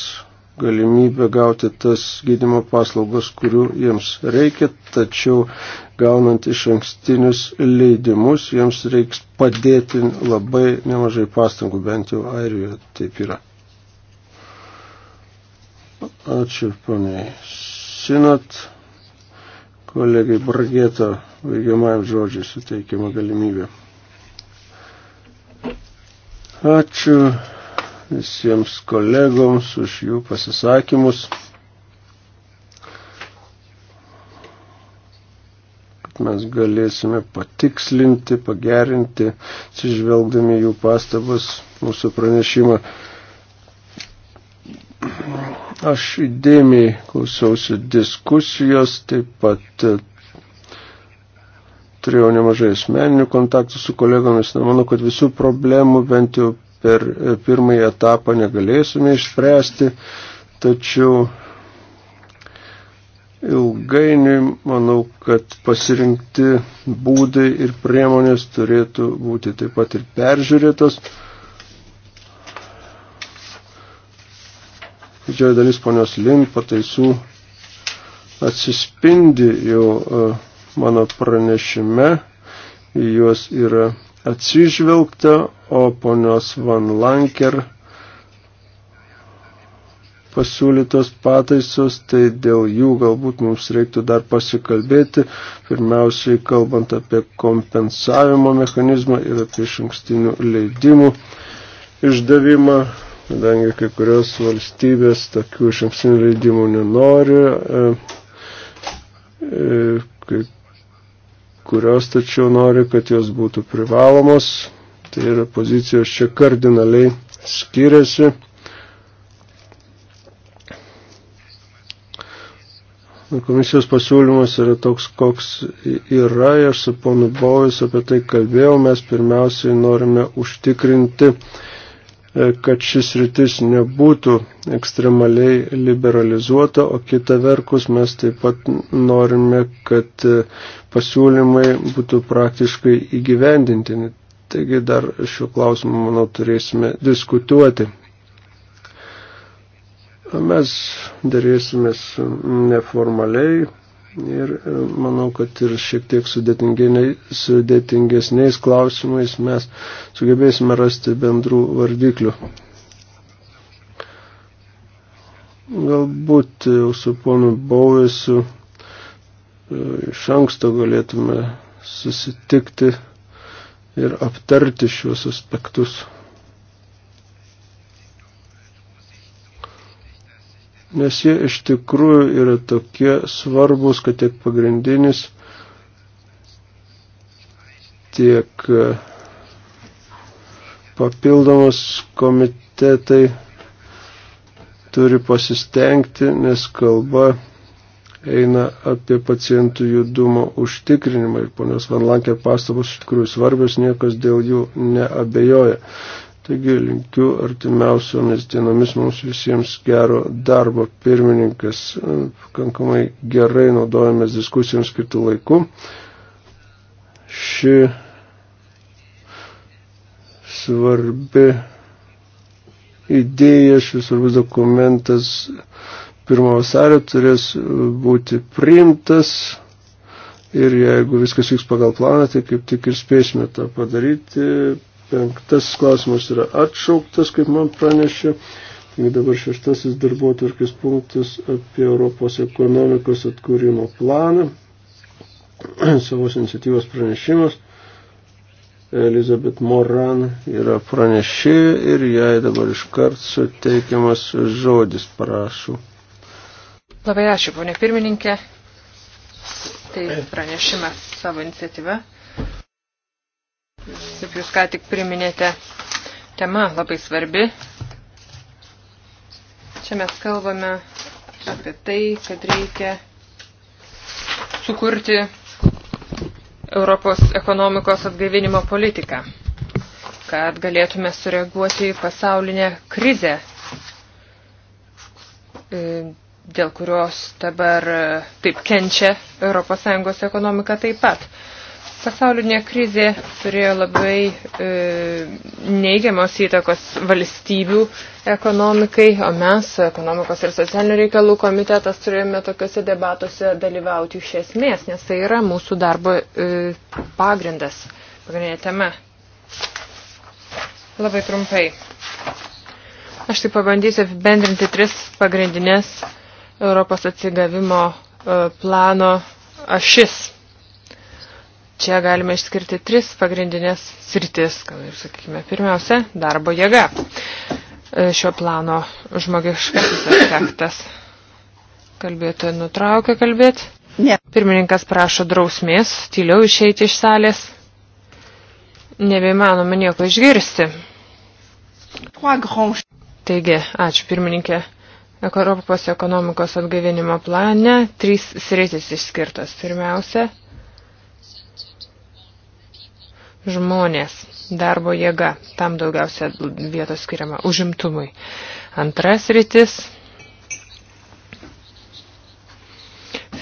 galimybę gauti tas gydimo paslaugas, kurių jiems reikia, tačiau gaunant iš ankstinius leidimus, jiems reiks padėti labai nemažai pastangų, bent jau Airijoje taip yra. Ačiū, poniai. Sinat, kolegai Bragėto, vaigiamajam žodžiui suteikiama galimybė. Ačiū visiems kolegoms už jų pasisakymus. Mes galėsime patikslinti, pagerinti, atsižvelgdami jų pastabas mūsų pranešimą. Aš įdėmiai klausiausi diskusijos, taip pat turėjau nemažai asmeninių kontaktų su kolegomis, na, manau, kad visų problemų bent jau per e, pirmąjį etapą negalėsime išspręsti, tačiau ilgainiui manau, kad pasirinkti būdai ir priemonės turėtų būti taip pat ir peržiūrėtos. Didžioji dalis ponios Lin pataisų atsispindi jau uh, mano pranešime, juos yra atsižvelgta, o ponios Van Lanker pasiūlytos pataisos, tai dėl jų galbūt mums reiktų dar pasikalbėti, pirmiausiai kalbant apie kompensavimo mechanizmą ir apie išankstinių leidimų išdavimą, kadangi kai kurios valstybės tokių išankstinių leidimų nenori, e, e, kai kurios tačiau nori, kad jos būtų privalomos. Tai yra pozicijos čia kardinaliai skiriasi. Komisijos pasiūlymas yra toks, koks yra. Aš su ponu Bauvis apie tai kalbėjau. Mes pirmiausiai norime užtikrinti uh, E, kad šis rytis nebūtų ekstremaliai liberalizuota, o kita verkus mes taip pat norime, kad e, pasiūlymai būtų praktiškai įgyvendintini. Taigi dar šiuo klausimu, manau, turėsime diskutuoti. Mes dėrėsimės neformaliai Ir e, manau, kad ir šiek tiek sudėtingesniais klausimais mes sugebėsime rasti bendrų vardiklių. Galbūt jau su ponu Bauvėsiu e, iš anksto galėtume susitikti ir aptarti šiuos aspektus. nes jie iš tikrųjų yra tokie svarbus, kad tiek pagrindinis, tiek e, papildomas komitetai turi pasistengti, nes kalba eina apie pacientų judumo užtikrinimą ir ponios Vanlankė pastabos iš tikrųjų svarbios, niekas dėl jų neabejoja. Taigi linkiu artimiausiomis dienomis mums visiems gero darbo pirmininkas. E, pakankamai gerai naudojamės diskusijoms kitų laikų. Ši svarbi idėja, šis svarbus dokumentas 1 vasario turės būti priimtas. Ir jeigu viskas vyks pagal planą, tai kaip tik ir spėsime tą padaryti penktas klausimas yra atšauktas, kaip man pranešė. Taigi dabar šeštasis darbuotvarkės punktas apie Europos ekonomikos atkūrimo planą. Savos iniciatyvos pranešimas. Elizabeth Moran yra pranešė ir jai dabar iškart suteikiamas žodis prašau.
Labai ačiū, ponė pirmininkė. Tai pranešimas savo iniciatyva kaip jūs ką tik priminėte, tema labai svarbi. Čia mes kalbame apie tai, kad reikia sukurti Europos ekonomikos atgaivinimo politiką, kad galėtume sureaguoti į pasaulinę krizę, e, dėl kurios dabar taip kenčia ES ekonomika taip pat. Pasaulinė krizė turėjo labai e, neigiamos įtakos valstybių ekonomikai, o mes, ekonomikos ir socialinių reikalų komitetas, turėjome tokiuose debatuose dalyvauti iš esmės, nes tai yra mūsų darbo e, pagrindas, pagrindinė tema. Labai trumpai. Aš tai pabandysiu apibendrinti tris pagrindinės Europos atsigavimo e, plano ašis Čia galime išskirti tris pagrindinės sritis, kad ir sakykime, pirmiausia, darbo jėga e, šio plano žmogiškasis aspektas. Kalbėtoja nutraukia kalbėti. Ne. Pirmininkas prašo drausmės, tyliau išeiti iš salės. Nebeimanoma nieko išgirsti. Taigi, ačiū pirmininkė. Europos ekonomikos atgaivinimo plane trys sritis išskirtos. Pirmiausia, žmonės, darbo jėga, tam daugiausia vietos skiriama užimtumui. Antras rytis –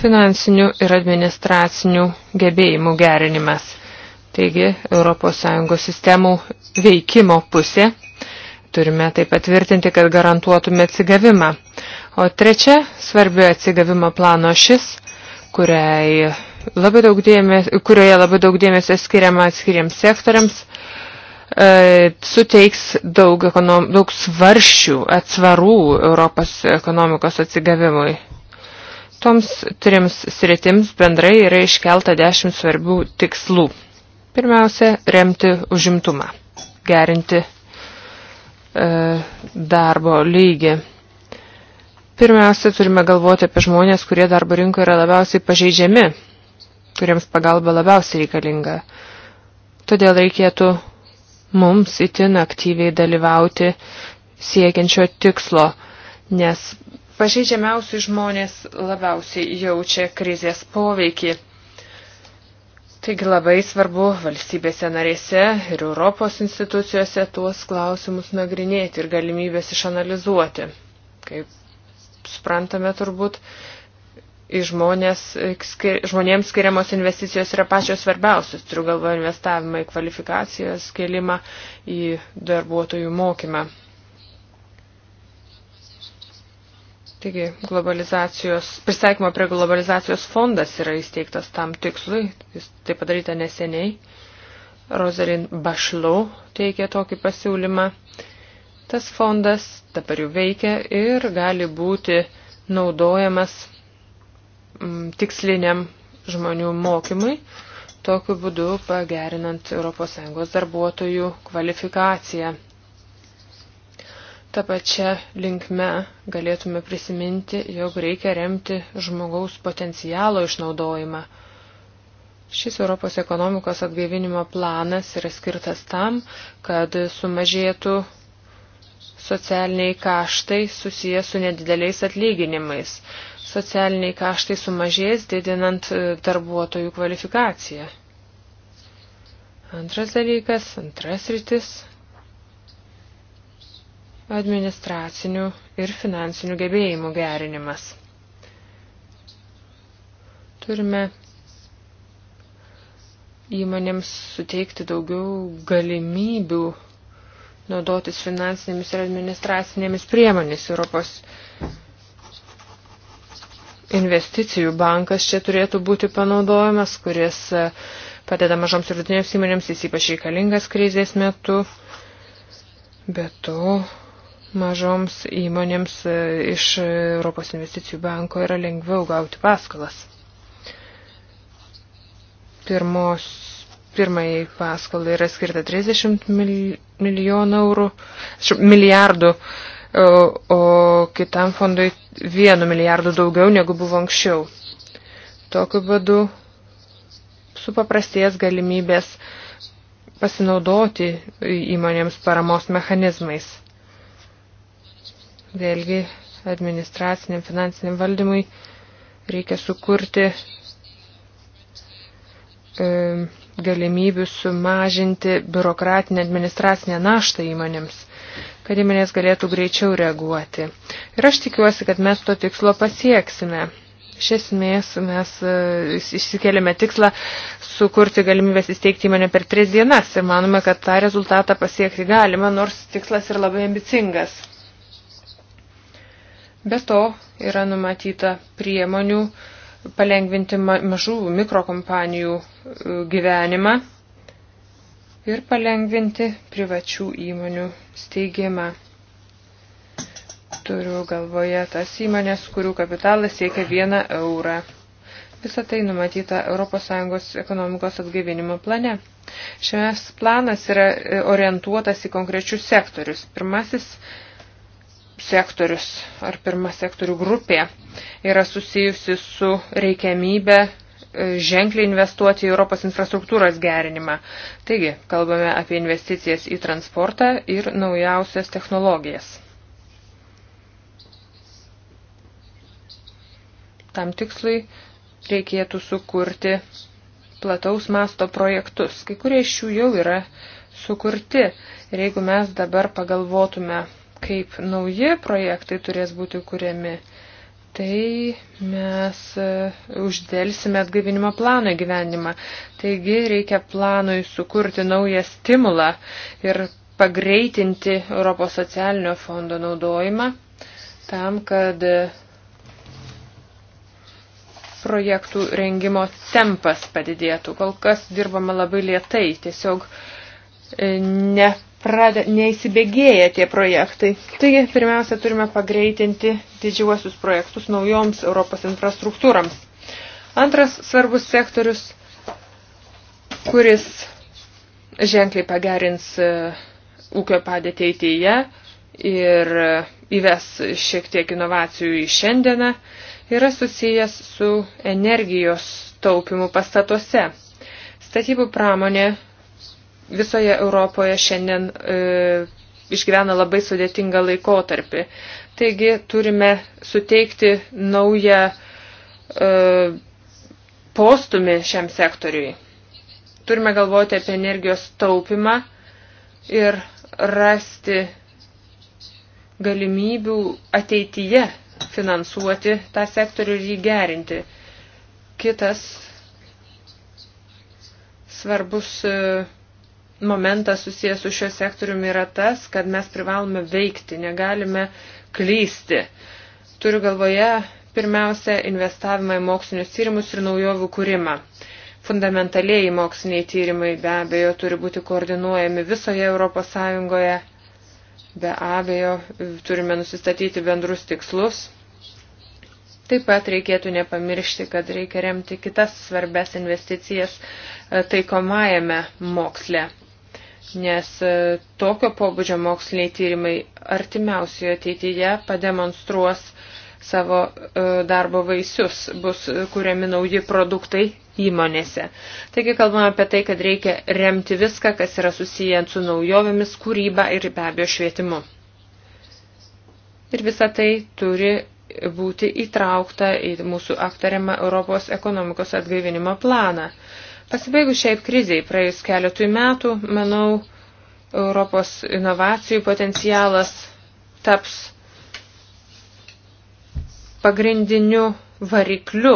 finansinių ir administracinių gebėjimų gerinimas. Taigi, ES sistemų veikimo pusė turime taip patvirtinti, kad garantuotume atsigavimą. O trečia svarbi atsigavimo plano šis, kuriai labai daug dėmesio, kurioje labai daug dėmesio skiriama atskiriams sektoriams, e, suteiks daug, ekonom, daug svaršių, atsvarų Europos ekonomikos atsigavimui. Toms trims sritims bendrai yra iškelta dešimt svarbių tikslų. Pirmiausia, remti užimtumą, gerinti e, darbo lygį. Pirmiausia, turime galvoti apie žmonės, kurie darbo rinkoje yra labiausiai pažeidžiami kuriems pagalba labiausiai reikalinga. Todėl reikėtų mums itin aktyviai dalyvauti siekiančio tikslo, nes pažeidžiamiausi žmonės labiausiai jaučia krizės poveikį. Taigi labai svarbu valstybėse narėse ir Europos institucijose tuos klausimus nagrinėti ir galimybės išanalizuoti. Kaip suprantame turbūt, žmonės, e, skir, žmonėms skiriamos investicijos yra pačios svarbiausios. Turiu galvo investavimą į kvalifikacijos kelimą, į darbuotojų mokymą. Taigi, pristaikymo prie globalizacijos fondas yra įsteigtas tam tikslui, jis tai padaryta neseniai. Rosalin Bašlau teikė tokį pasiūlymą. Tas fondas dabar jau veikia ir gali būti naudojamas Mm, tiksliniam žmonių mokymui, tokiu būdu pagerinant ES darbuotojų kvalifikaciją. Ta pačia linkme galėtume prisiminti, jog reikia remti žmogaus potencialo išnaudojimą. Šis Europos ekonomikos atgaivinimo planas yra skirtas tam, kad sumažėtų socialiniai kaštai susijęs su nedideliais atlyginimais. Socialiniai kaštai sumažės, didinant e, darbuotojų kvalifikaciją. Antras dalykas, antras rytis - administracinių ir finansinių gebėjimų gerinimas. Turime įmonėms suteikti daugiau galimybių naudotis finansinėmis ir administracinėmis priemonės Europos investicijų bankas čia turėtų būti panaudojamas, kuris e, padeda mažoms ir vidutinėms įmonėms, jis ypač reikalingas krizės metu. Be to, mažoms įmonėms e, iš Europos investicijų banko yra lengviau gauti paskolas. Pirmos, pirmai paskolai yra skirta 30 milijonų eurų, milijardų eurų o kitam fondui 1 milijardu daugiau negu buvo anksčiau. Tokiu būdu supaprastės galimybės pasinaudoti įmonėms paramos mechanizmais. Vėlgi administraciniam finansiniam valdymui reikia sukurti e, galimybių sumažinti biurokratinę administracinę naštą įmonėms kad įmonės galėtų greičiau reaguoti. Ir aš tikiuosi, kad mes to tikslo pasieksime. Iš esmės mes e, išsikėlėme tikslą sukurti galimybės įsteigti įmonę per tris dienas ir manome, kad tą rezultatą pasiekti galima, nors tikslas ir labai ambicingas. Be to yra numatyta priemonių palengvinti mažų mikrokompanijų e, gyvenimą ir palengvinti privačių įmonių steigimą. Turiu galvoje tas įmonės, kurių kapitalas siekia vieną eurą. Visą tai numatyta ES ekonomikos atgaivinimo plane. Šiame planas yra e, orientuotas į konkrečius sektorius. Pirmasis sektorius ar pirma sektorių grupė yra susijusi su reikiamybė ženkliai investuoti į Europos infrastruktūros gerinimą. Taigi, kalbame apie investicijas į transportą ir naujausias technologijas. Tam tikslui reikėtų sukurti plataus masto projektus. Kai kurie iš jų jau yra sukurti. Ir jeigu mes dabar pagalvotume, kaip nauji projektai turės būti kuriami, tai mes e, uždėlsime atgaivinimo plano gyvenimą. Taigi reikia planui sukurti naują stimulą ir pagreitinti Europos socialinio fondo naudojimą tam, kad projektų rengimo tempas padidėtų. Kol kas dirbama labai lietai, tiesiog e, ne prade, neįsibėgėja tie projektai. Taigi, pirmiausia, turime pagreitinti didžiuosius projektus naujoms Europos infrastruktūrams. Antras svarbus sektorius, kuris ženkliai pagerins e, ūkio padėtį ateityje ir e, įves šiek tiek inovacijų į šiandieną, yra susijęs su energijos taupimu pastatuose. Statybų pramonė visoje Europoje šiandien e, išgyvena labai sudėtingą laikotarpį. Taigi turime suteikti naują e, postumį šiam sektoriui. Turime galvoti apie energijos taupimą ir rasti galimybių ateityje finansuoti tą sektorių ir jį gerinti. Kitas svarbus e, momentas susijęs su šiuo sektoriumi yra tas, kad mes privalome veikti, negalime klysti. Turiu galvoje pirmiausia investavimą į mokslinius tyrimus ir naujovių kūrimą. Fundamentaliai moksliniai tyrimai be abejo turi būti koordinuojami visoje ES. Be abejo, turime nusistatyti bendrus tikslus. Taip pat reikėtų nepamiršti, kad reikia remti kitas svarbes investicijas e, taikomajame moksle nes e, tokio pobūdžio moksliniai tyrimai artimiausioje ateityje pademonstruos savo e, darbo vaisius, bus kuriami nauji produktai įmonėse. Taigi kalbame apie tai, kad reikia remti viską, kas yra susijęs su naujovėmis, kūryba ir be abejo švietimu. Ir visa tai turi būti įtraukta į mūsų aptariamą Europos ekonomikos atgaivinimo planą. Pasibaigus šiai kriziai praėjus keletui metų, manau, Europos inovacijų potencialas taps pagrindiniu varikliu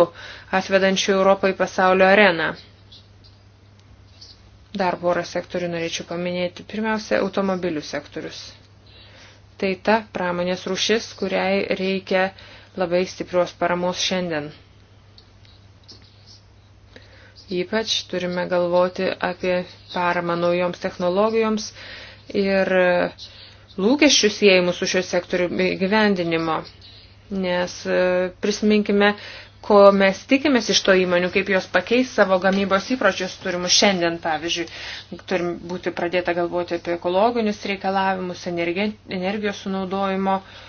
atvedančiu Europą į pasaulio areną. Dar porą sektorių norėčiau paminėti. Pirmiausia, automobilių sektorius. Tai ta pramonės rušis, kuriai reikia labai stiprios paramos šiandien. Ypač turime galvoti apie paramą naujoms technologijoms ir lūkesčių siejimų su šio sektoriu gyvendinimo. Nes e, prisiminkime, ko mes tikimės iš to įmonių, kaip jos pakeis savo gamybos įpročius turimus šiandien, pavyzdžiui, turim būti pradėta galvoti apie ekologinius reikalavimus, energijos sunaudojimo uh,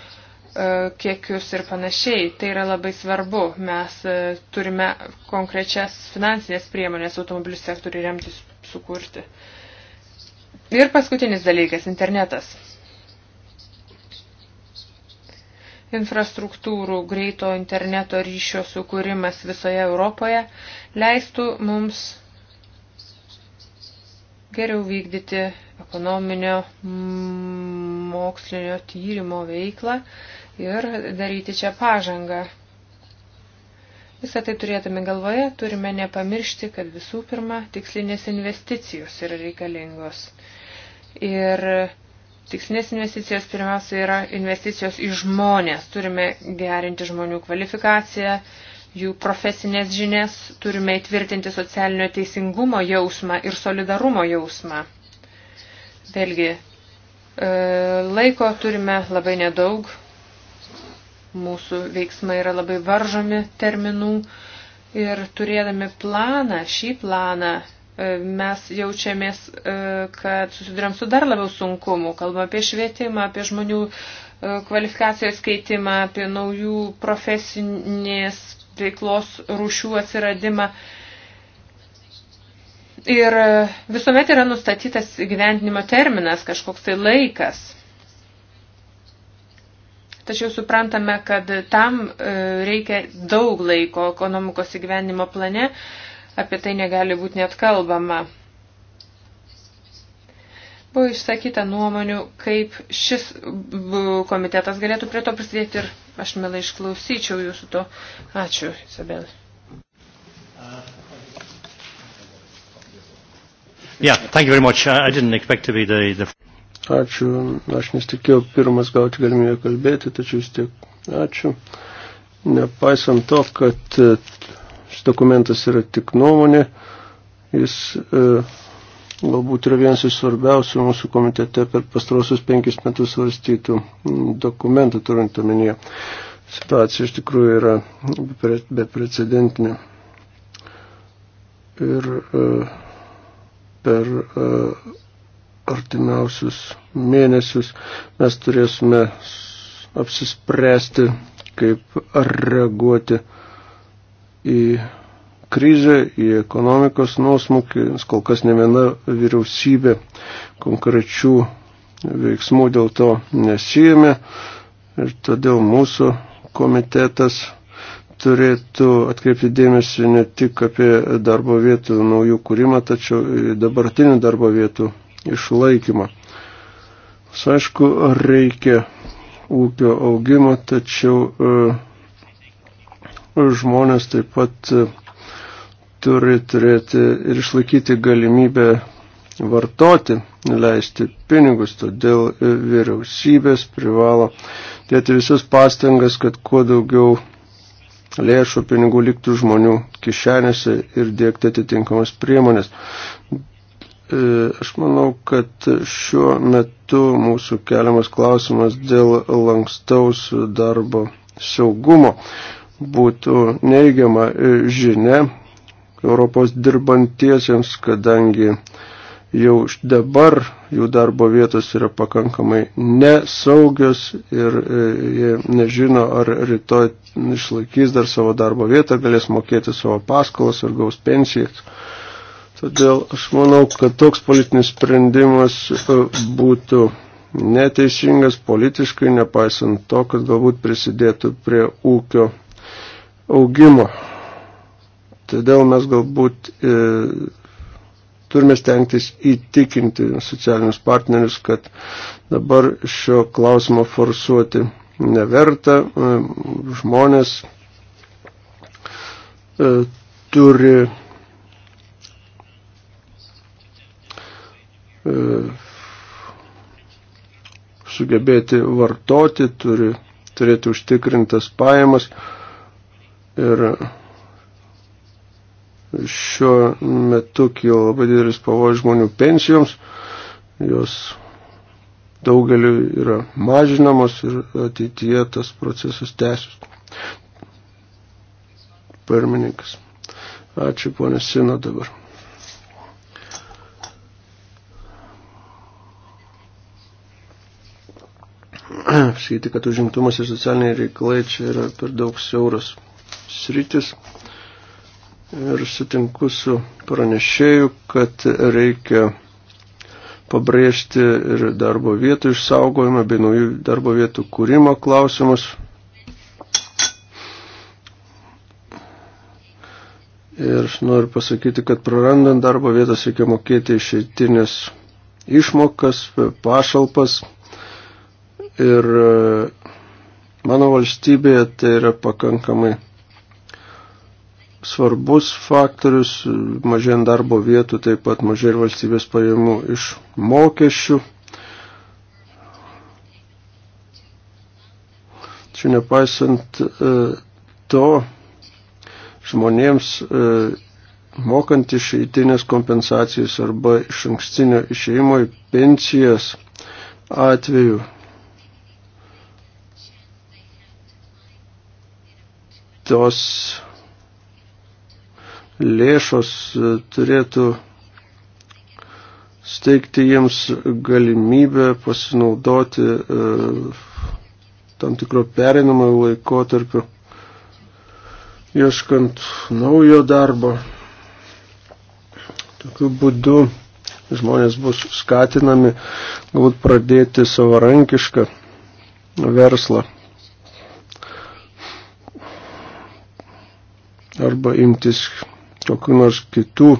E, kiekius ir panašiai. Tai yra labai svarbu. Mes e, turime konkrečias finansinės priemonės automobilių sektoriui remtis sukurti. Ir paskutinis dalykas – internetas. Infrastruktūrų greito interneto ryšio sukūrimas visoje Europoje leistų mums geriau vykdyti ekonominio mokslinio tyrimo veiklą ir daryti čia pažangą. Visą tai turėtume galvoje, turime nepamiršti, kad visų pirma tikslinės investicijos yra reikalingos. Ir tikslinės investicijos pirmiausia yra investicijos į žmonės. Turime gerinti žmonių kvalifikaciją, jų profesinės žinias, turime įtvirtinti socialinio teisingumo jausmą ir solidarumo jausmą. Vėlgi, e, laiko turime labai nedaug, mūsų veiksmai yra labai varžomi terminų ir turėdami planą, šį planą, e, mes jaučiamės, e, kad susidurėm su dar labiau sunkumu. Kalbame apie švietimą, apie žmonių e, kvalifikacijos keitimą, apie naujų profesinės veiklos rūšių atsiradimą. Ir visuomet yra nustatytas gyvendinimo terminas, kažkoks tai laikas. Tačiau suprantame, kad tam e, reikia daug laiko ekonomikos įgyvenimo plane, apie tai negali būti net kalbama. Buvo išsakyta nuomonių, kaip šis komitetas galėtų prie to prisidėti ir aš mielai išklausyčiau jūsų to. Ačiū, Isabel. Yeah, thank you very much. I didn't expect to be the, the
ačiū. Aš nesitikėjau pirmas gauti galimybę kalbėti, tačiau vis tiek ačiū. Nepaisant to, kad e, šis dokumentas yra tik nuomonė, jis e, galbūt yra vienas iš svarbiausių mūsų komitete per pastrosius penkis metus svarstytų dokumentų turint omenyje. Situacija iš tikrųjų yra beprecedentinė. Ir e, per e, artimiausius mėnesius mes turėsime apsispręsti, kaip reaguoti į krizę, į ekonomikos nuosmukį, nes kol kas ne viena vyriausybė konkrečių veiksmų dėl to nesijėmė ir todėl mūsų komitetas turėtų atkreipti dėmesį ne tik apie darbo vietų naujų kūrimą, tačiau dabartinių darbo vietų išlaikymą. Mas, aišku, reikia ūkio augimo, tačiau e, žmonės taip pat e, turi turėti ir išlaikyti galimybę vartoti, leisti pinigus, todėl e, vyriausybės privalo dėti visus pastangas, kad kuo daugiau lėšų pinigų liktų žmonių kišenėse ir dėkti atitinkamas priemonės. E, aš manau, kad šiuo metu mūsų keliamas klausimas dėl lankstaus darbo saugumo būtų neigiama žinia Europos dirbantiesiems, kadangi jau dabar jų darbo vietos yra pakankamai nesaugios ir e, jie nežino, ar rytoj išlaikys dar savo darbo vietą, galės mokėti savo paskolas ar gaus pensijas. Todėl aš manau, kad toks politinis sprendimas e, būtų neteisingas politiškai, nepaisant to, kad galbūt prisidėtų prie ūkio augimo. Todėl mes galbūt e, turime stengtis įtikinti socialinius partnerius, kad dabar šio klausimo forsuoti neverta. E, žmonės e, turi E, sugebėti vartoti, turi turėti užtikrintas pajamas ir šiuo metu kilo labai didelis pavojus žmonių pensijoms, jos daugeliu yra mažinamos ir ateityje tas procesas tęsis. Pirmininkas. Ačiū, ponė Sino dabar. sakyti, kad užimtumas ir socialiniai reikalai čia yra per daug siauras sritis. Ir sutinku su pranešėju, kad reikia pabrėžti ir darbo vietų išsaugojimą bei naujų darbo vietų kūrimo klausimus. Ir noriu pasakyti, kad prarandant darbo vietas reikia mokėti išeitinės išmokas, pašalpas Ir e, mano valstybėje tai yra pakankamai svarbus faktorius, mažėjant darbo vietų, taip pat mažėja ir valstybės pajamų iš mokesčių. Čia nepaisant e, to, žmonėms e, mokant iš įtinės kompensacijos arba iš ankstinio išėjimo į pensijas atveju tos lėšos e, turėtų steigti jiems galimybę pasinaudoti e, tam tikro perinamojo laikotarpio, ieškant naujo darbo. Tokiu būdu žmonės bus skatinami galbūt pradėti savarankišką verslą. arba imtis kokiu nors kitų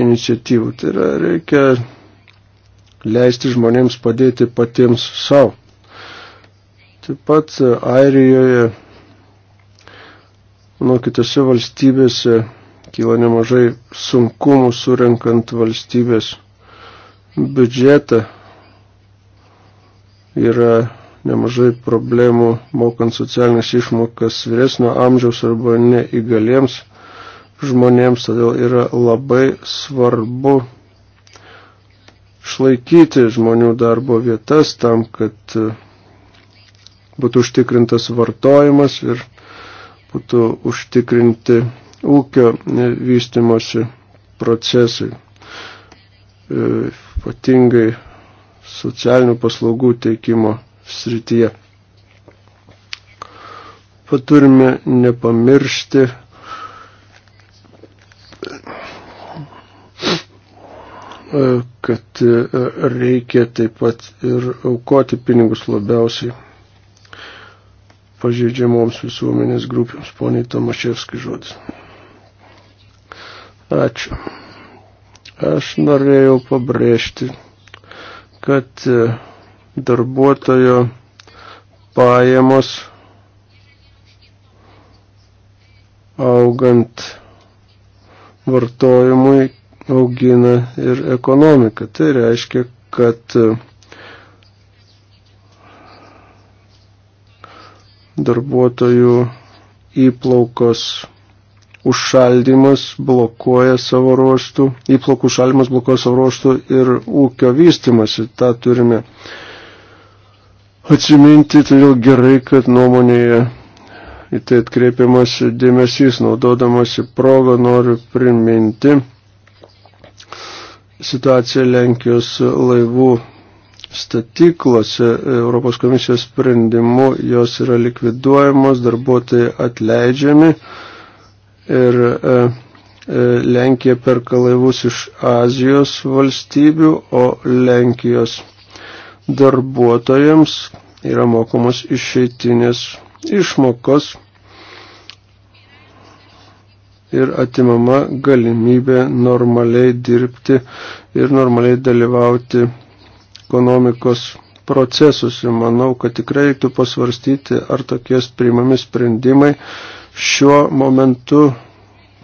iniciatyvų. Tai yra, reikia leisti žmonėms padėti patiems savo. Taip pat e, Airijoje, nuo kitose valstybėse kyla nemažai sunkumų surenkant valstybės biudžetą. Yra nemažai problemų mokant socialinės išmokas vyresnio amžiaus arba neįgaliems žmonėms, todėl yra labai svarbu išlaikyti žmonių darbo vietas tam, kad e, būtų užtikrintas vartojimas ir būtų užtikrinti ūkio e, vystimosi procesai. E, ypatingai socialinių paslaugų teikimo srityje. Paturime nepamiršti kad reikia taip pat ir aukoti pinigus labiausiai pažeidžiamoms visuomenės grupėms. Poniai Tomaševskai žodis. Ačiū. Aš norėjau pabrėžti, kad darbuotojo pajamos augant vartojimui augina ir ekonomiką. Tai reiškia, kad darbuotojų įplaukos užšaldymas blokuoja savo ruoštų, įplaukų užšaldymas blokuoja savo ruoštų ir ūkio vystimasi. Ta turime uh, atsiminti, todėl tai gerai, kad nuomonėje į tai atkreipiamas dėmesys, naudodamasi progą noriu priminti situaciją Lenkijos laivų statyklose. Europos komisijos sprendimu jos yra likviduojamos, darbuotojai atleidžiami ir e, e Lenkija perka laivus iš Azijos valstybių, o Lenkijos darbuotojams yra mokamos išeitinės išmokos ir atimama galimybė normaliai dirbti ir normaliai dalyvauti ekonomikos procesuose. Manau, kad tikrai reiktų pasvarstyti, ar tokie priimami sprendimai šiuo momentu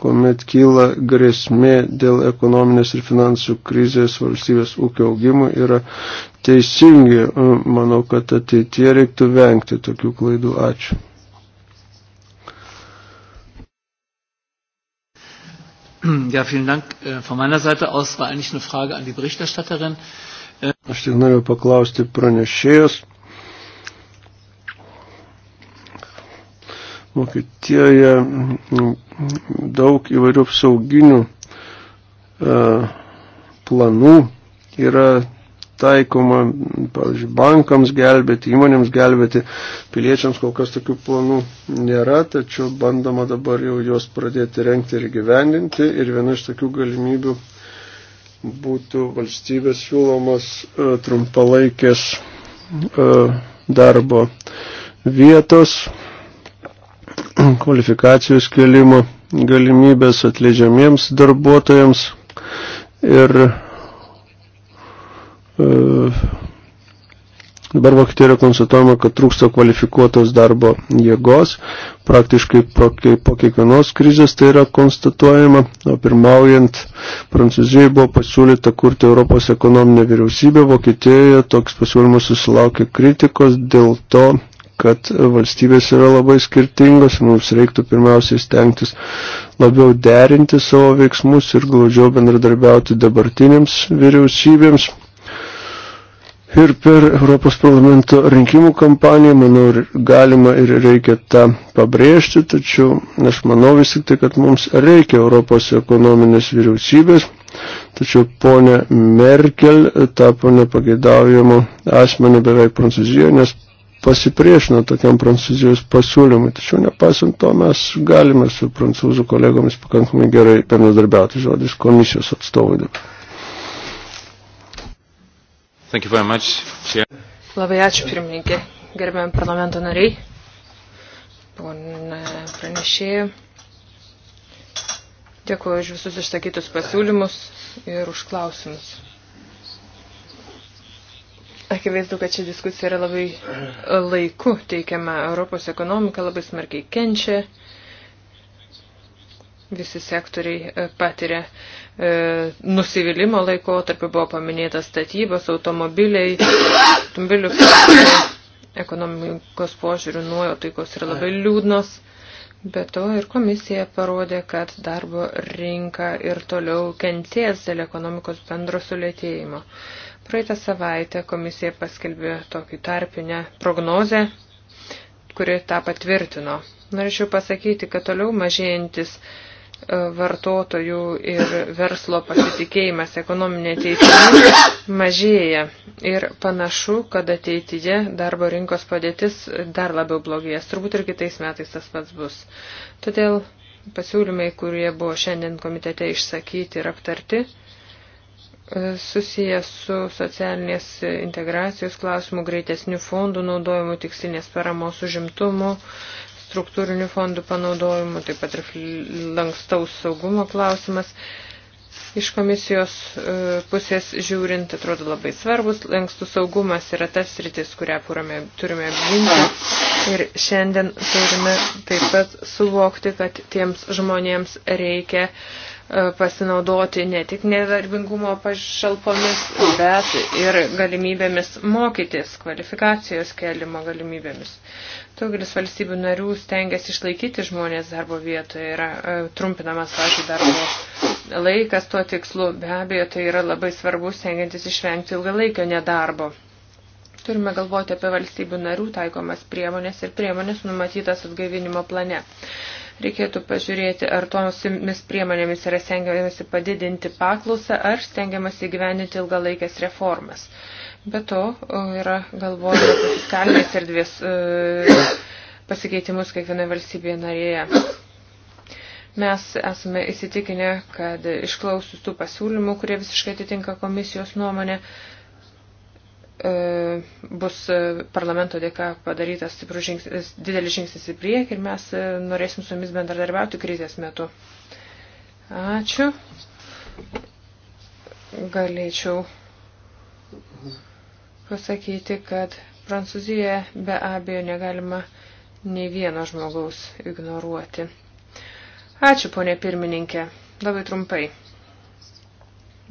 kuomet kyla grėsmė dėl ekonominės ir finansų krizės valstybės ūkio augimų, yra teisingi. Manau, kad ateitie reiktų vengti tokių klaidų. Ačiū. Ja, vielen Dank. Äh, von meiner Seite aus war eigentlich eine Frage an die Berichterstatterin. Aš tik noriu paklausti pranešėjos Vokietijoje daug įvairių apsauginių e, planų yra taikoma, pavyzdžiui, bankams gelbėti, įmonėms gelbėti, piliečiams kol kas tokių planų nėra, tačiau bandoma dabar jau juos pradėti renkti ir gyvendinti ir viena iš tokių galimybių būtų valstybės siūlomas e, trumpalaikės e, darbo vietos kvalifikacijos kelimo galimybės atleidžiamiems darbuotojams ir e, Dabar Vokietija yra konstatuojama, kad trūksta kvalifikuotos darbo jėgos, praktiškai po kiekvienos krizės tai yra konstatuojama, o pirmaujant Prancūzijai buvo pasiūlyta kurti Europos ekonominę vyriausybę, Vokietijoje toks pasiūlymas susilaukė kritikos, dėl to kad valstybės yra labai skirtingos ir mums reiktų pirmiausiai stengtis labiau derinti savo veiksmus ir glaudžiau bendradarbiauti dabartinėms vyriausybėms. Ir per Europos parlamento rinkimų kampaniją, manau, galima ir reikia tą pabrėžti, tačiau aš manau vis tik tai, kad mums reikia Europos ekonominės vyriausybės, tačiau ponė Merkel tapo nepageidaujamu asmenį beveik Prancūzijoje, nes pasipriešino tokiam prancūzijos pasiūlymui. Tačiau nepasant to, mes galime su prancūzų kolegomis pakankamai gerai bendradarbiauti žodis komisijos atstovai.
Thank you very much. Yeah.
Labai ačiū pirmininkė, gerbėm parlamento nariai, pranešėjai. Dėkuoju už visus išsakytus pasiūlymus ir už klausimus. Akivaizdu, kad ši diskusija yra labai e, laiku teikiama. Europos ekonomika labai smarkiai kenčia. Visi sektoriai e, patiria e, nusivylimą laiko, tarp buvo paminėtas statybos, automobiliai, automobilių ekonomikos požiūrių nuotaikos yra labai liūdnos. Be to ir komisija parodė, kad darbo rinka ir toliau kentės dėl ekonomikos bendro sulėtėjimo. Praeitą savaitę komisija paskelbė tokį tarpinę prognozę, kuri tą patvirtino. Norėčiau pasakyti, kad toliau mažėjantis e, vartotojų ir verslo pasitikėjimas ekonominė ateitimi mažėja ir panašu, kad ateityje darbo rinkos padėtis dar labiau blogės. Turbūt ir kitais metais tas pats bus. Todėl pasiūlymai, kurie buvo šiandien komitete išsakyti ir aptarti, susijęs su socialinės integracijos klausimų, greitesnių fondų naudojimu, tikslinės paramos užimtumu, struktūrinių fondų panaudojimu, taip pat ir lankstaus saugumo klausimas. Iš komisijos e, pusės žiūrint, atrodo labai svarbus, lankstų saugumas yra tas rytis, kurią purame, turime apginti. Ir šiandien turime taip pat suvokti, kad tiems žmonėms reikia uh, pasinaudoti ne tik nedarbingumo pašalpomis, bet ir galimybėmis mokytis, kvalifikacijos kelimo galimybėmis. Daugelis valstybių narių stengiasi išlaikyti žmonės darbo vietoje, yra e, trumpinamas, pažiūrėjau, darbo laikas tuo tikslu. Be abejo, tai yra labai svarbu stengiantis išvengti ilgalaikio nedarbo. Turime galvoti apie valstybių narių taikomas priemonės ir priemonės numatytas atgaivinimo plane. Reikėtų pažiūrėti, ar tomis priemonėmis yra stengiamasi padidinti paklausą, ar stengiamasi gyveninti ilgalaikės reformas. Be to yra galvojama apie fiskalinės erdvės e, pasikeitimus kiekvienoje valstybėje narėje. Mes esame įsitikinę, kad išklausus tų pasiūlymų, kurie visiškai atitinka komisijos nuomonę, bus e, parlamento dėka padarytas žingsnis, didelis žingsnis į priekį ir mes e, norėsim su jumis bendradarbiauti krizės metu. Ačiū. Galėčiau pasakyti, kad Prancūzijoje be abejo negalima nei vieno žmogaus ignoruoti. Ačiū, ponė pirmininkė. Labai trumpai.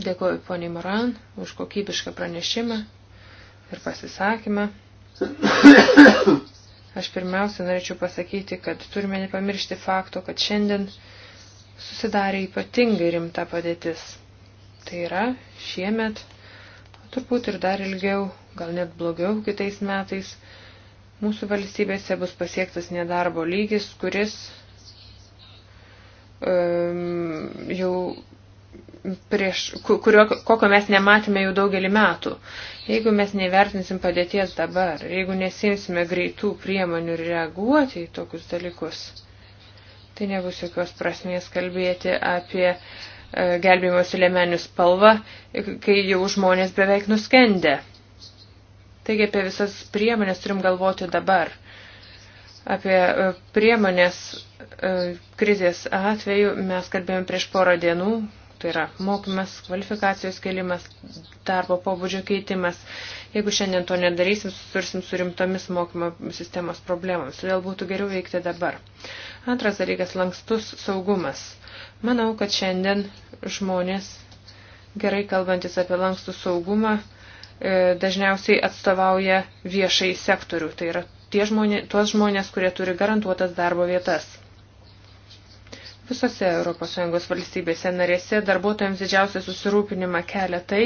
Dėkuoju poniai Moran už kokybišką pranešimą ir pasisakymą. Aš pirmiausia norėčiau pasakyti, kad turime nepamiršti fakto, kad šiandien susidarė ypatingai rimta padėtis. Tai yra šiemet, turbūt ir dar ilgiau, gal net blogiau kitais metais, mūsų valstybėse bus pasiektas nedarbo lygis, kuris um, jau prieš, kurio, kokio mes nematėme jau daugelį metų. Jeigu mes nevertinsim padėties dabar, jeigu nesimsime greitų priemonių reaguoti į tokius dalykus, tai nebus jokios prasmės kalbėti apie e, gelbėjimosi lėmenių spalvą, e, kai jau žmonės beveik nuskendė. Taigi apie visas priemonės turim galvoti dabar. Apie e, priemonės e, krizės atveju mes kalbėjome prieš porą dienų, Tai yra mokymas, kvalifikacijos kelimas, darbo pobūdžio keitimas. Jeigu šiandien to nedarysim, susursim su rimtomis mokymo sistemos problemams. Todėl būtų geriau veikti dabar. Antras dalykas - lankstus saugumas. Manau, kad šiandien žmonės, gerai kalbantis apie lankstų saugumą, e, dažniausiai atstovauja viešai sektorių. Tai yra tie žmonės, tuos žmonės, kurie turi garantuotas darbo vietas. Visose ES valstybėse narėse darbuotojams didžiausia susirūpinimą kelia tai,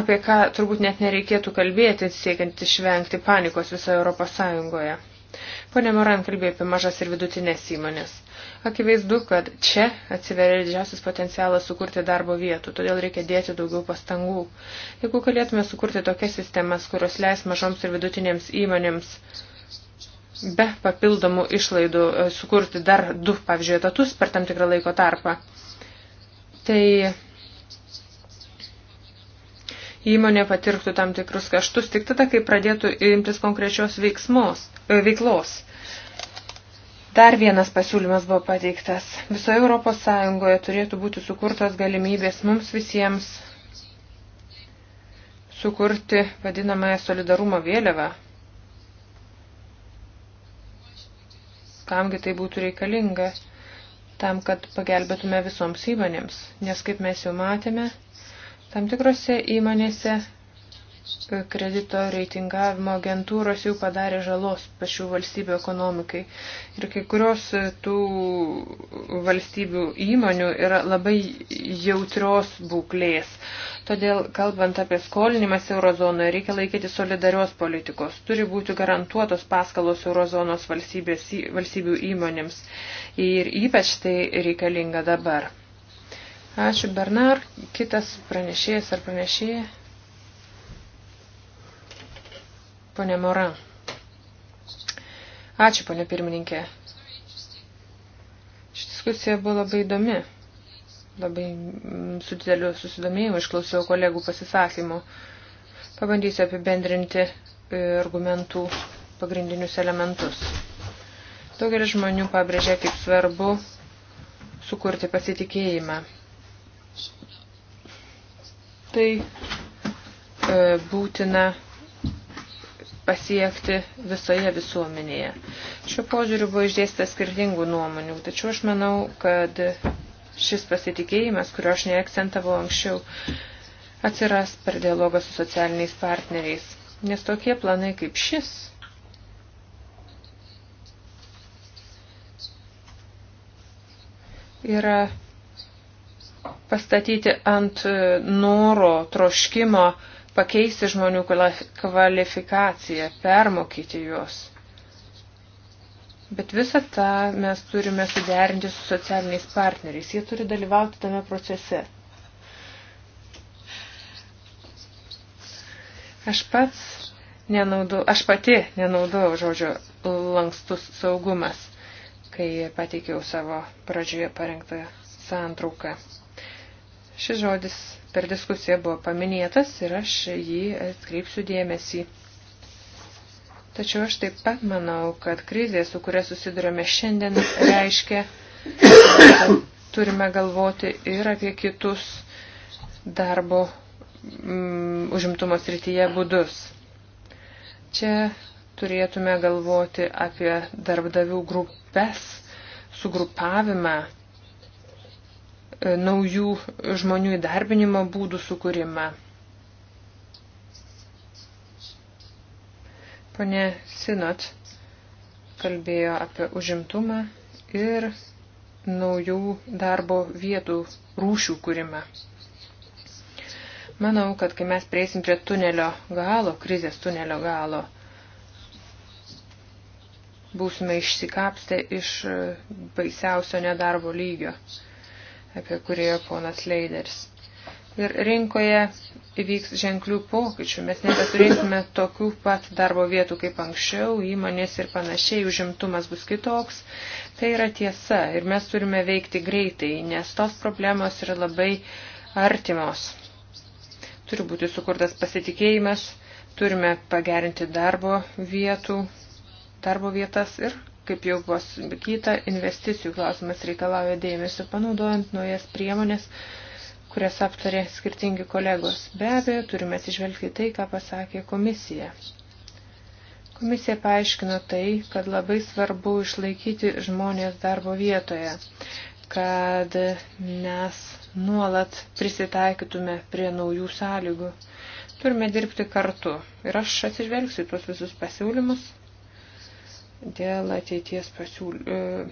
apie ką turbūt net nereikėtų kalbėti, siekiant išvengti panikos visoje ES. Pone Moran kalbėjo apie mažas ir vidutinės įmonės. Akivaizdu, kad čia atsiveria didžiausias potencialas sukurti darbo vietų, todėl reikia dėti daugiau pastangų. Jeigu galėtume sukurti tokias sistemas, kurios leis mažoms ir vidutinėms įmonėms be papildomų išlaidų e, sukurti dar du, pavyzdžiui, etatus per tam tikrą laiko tarpą. Tai įmonė patirtų tam tikrus kaštus tik tada, kai pradėtų imtis konkrečios veiksmos, e, veiklos. Dar vienas pasiūlymas buvo pateiktas. Visoje Europos Sąjungoje turėtų būti sukurtos galimybės mums visiems sukurti vadinamąją solidarumo vėliavą kamgi tai būtų reikalinga, tam, kad pagelbėtume visoms įmonėms, nes kaip mes jau matėme, tam tikrose įmonėse kredito reitingavimo agentūros jau padarė žalos pačių valstybių ekonomikai. Ir kai kurios tų valstybių įmonių yra labai jautrios būklės. Todėl, kalbant apie skolinimas eurozonoje, reikia laikyti solidarios politikos. Turi būti garantuotos paskalos eurozonos valstybių įmonėms. Ir ypač tai reikalinga dabar. Ačiū Bernard, kitas pranešėjas ar pranešėjas. Pone Mora. Ačiū, pone pirmininkė. Ši diskusija buvo labai įdomi. Labai mm, su dideliu susidomėjimu išklausiau kolegų pasisakymų. Pabandysiu apibendrinti argumentų pagrindinius elementus. Daugelis žmonių pabrėžia, kaip svarbu sukurti pasitikėjimą. Tai e, būtina pasiekti visoje visuomenėje. Šiuo požiūriu buvo išdėsta skirtingų nuomonių, tačiau aš manau, kad šis pasitikėjimas, kurio aš neakcentavau anksčiau, atsiras per dialogą su socialiniais partneriais, nes tokie planai kaip šis yra pastatyti ant noro, troškimo, pakeisti žmonių kvalifikaciją, permokyti juos. Bet visą tą mes turime suderinti su socialiniais partneriais. Jie turi dalyvauti tame procese. Aš pats nenaudu, aš pati nenaudojau žodžio lankstus saugumas, kai pateikiau savo pradžioje parengtą santrauką. Šis žodis per diskusiją buvo paminėtas ir aš jį atkreipsiu dėmesį. Tačiau aš taip pat manau, kad krizė, su kuria susidurime šiandien, reiškia, kad turime galvoti ir apie kitus darbo mm, užimtumo srityje būdus. Čia turėtume galvoti apie darbdavių grupės, sugrupavimą E, naujų žmonių įdarbinimo būdų sukūrimą. Pane Sinot kalbėjo apie užimtumą ir naujų darbo vietų rūšių kūrimą. Manau, kad kai mes prieisim prie tunelio galo, krizės tunelio galo, būsime išsikapstę iš baisiausio nedarbo lygio apie kurioje ponas Leiders. Ir rinkoje įvyks ženklių pokyčių. Mes nebeturinkime tokių pat darbo vietų kaip anksčiau, įmonės ir panašiai, užimtumas bus kitoks. Tai yra tiesa ir mes turime veikti greitai, nes tos problemos yra labai artimos. Turi būti sukurtas pasitikėjimas, turime pagerinti darbo vietų, darbo vietas ir kaip jau buvo sakyta, investicijų klausimas reikalauja dėmesio, panaudojant naujas priemonės, kurias aptarė skirtingi kolegos. Be abejo, turime atsižvelgti tai, ką pasakė komisija. Komisija paaiškino tai, kad labai svarbu išlaikyti žmonės darbo vietoje, kad mes nuolat prisitaikytume prie naujų sąlygų. Turime dirbti kartu ir aš atsižvelgsiu tuos visus pasiūlymus dėl ateities pasiūlymų e,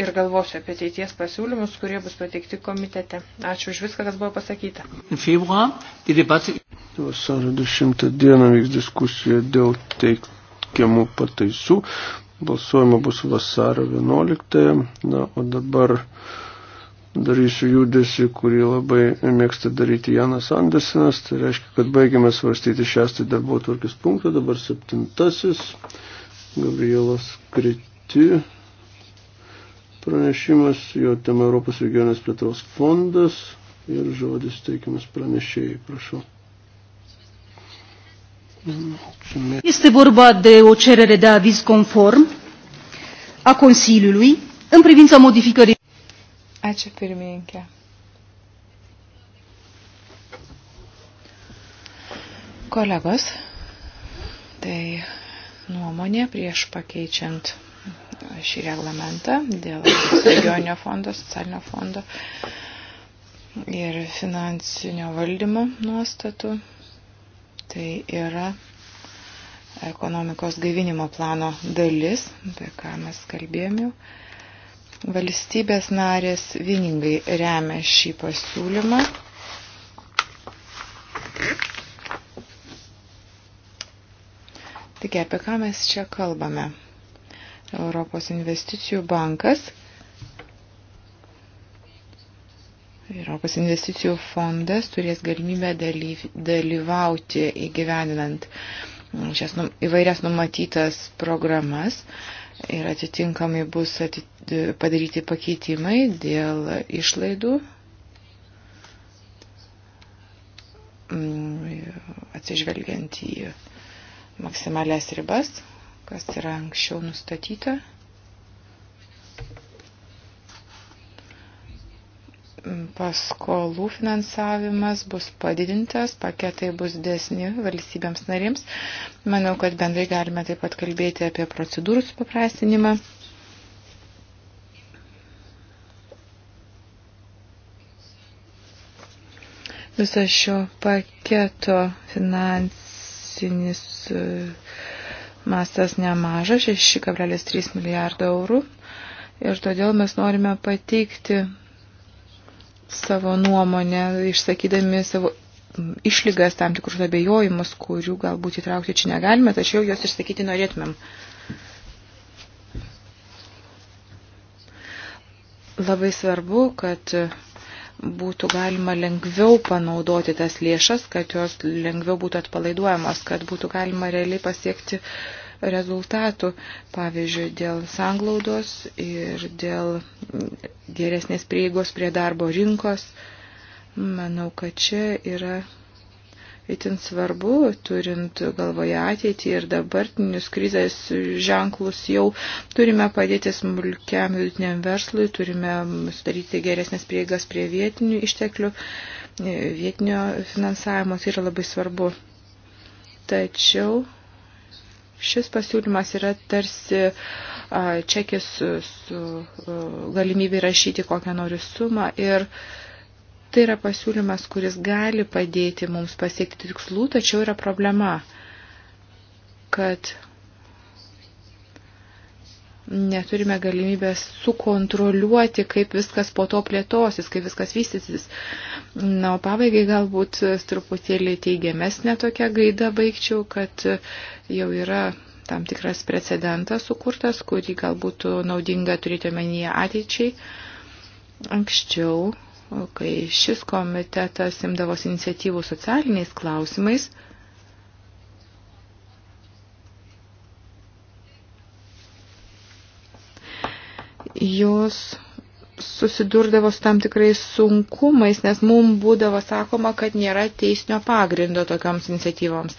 ir galvosiu apie ateities pasiūlymus, kurie bus pateikti komitete. Ačiū už viską, kas buvo pasakyta.
Vasario 10 dieną vyks diskusija dėl teikiamų pataisų. Balsuojama bus vasario 11. Na, o dabar darysiu judesi, kurį labai mėgsta daryti Janas Andesinas. Tai reiškia, kad baigiame svarstyti šeštą darbo tvarkės punktą, dabar septintasis. Gabrielos Kriti pranešimas, jo tema Europos regionės plėtros fondas ir žodis teikiamas pranešėjai, prašau. Este
vorba de o cerere de aviz conform
a Consiliului în privința modificării. Ačiū pirmininkė. Kolegos, tai nuomonė prieš pakeičiant šį reglamentą dėl regioninio fondo, socialinio fondo ir finansinio valdymo nuostatų. Tai yra ekonomikos gaivinimo plano dalis, apie ką mes kalbėjome jau. Valstybės narės vieningai remia šį pasiūlymą. Taigi, apie ką mes čia kalbame? Europos investicijų bankas, Europos investicijų fondas turės galimybę dalyvauti įgyveninant šias num, įvairias numatytas programas ir atitinkamai bus atit, padaryti pakeitimai dėl išlaidų mm, atsižvelgiant į maksimalės ribas, kas yra anksčiau nustatyta. Paskolų finansavimas bus padidintas, paketai bus desni valstybėms narims. Manau, kad bendrai galime taip pat kalbėti apie procedūrų supaprastinimą. viso šio paketo finans, finansinis e, mastas nemažas, 6,3 milijardo eurų. Ir todėl mes norime pateikti savo nuomonę, išsakydami savo išlygas tam tikrus abejojimus, kurių galbūt įtraukti čia negalime, tačiau juos išsakyti norėtumėm. Labai svarbu, kad būtų galima lengviau panaudoti tas lėšas, kad jos lengviau būtų atpalaiduojamos, kad būtų galima realiai pasiekti rezultatų, pavyzdžiui, dėl sanglaudos ir dėl geresnės prieigos prie darbo rinkos. Manau, kad čia yra itin svarbu, turint galvoje ateitį ir dabartinius krizės ženklus jau turime padėti smulkiam vidutiniam verslui, turime sudaryti geresnės prieigas prie vietinių išteklių, vietinio finansavimo, tai yra labai svarbu. Tačiau šis pasiūlymas yra tarsi čekis su galimybė rašyti kokią noriu sumą ir uh, Tai yra pasiūlymas, kuris gali padėti mums pasiekti tikslų, tačiau yra problema, kad neturime galimybės sukontroliuoti, kaip viskas po to plėtosis, kaip viskas vystysis. Na, o pabaigai galbūt truputėlį teigiamesnė tokia gaida baigčiau, kad jau yra tam tikras precedentas sukurtas, kurį galbūt naudinga turėti omenyje ateičiai. Anksčiau kai šis komitetas imdavos iniciatyvų socialiniais klausimais, jūs susidurdavo su tam tikrais sunkumais, nes mum būdavo sakoma, kad nėra teisinio pagrindo tokioms iniciatyvoms.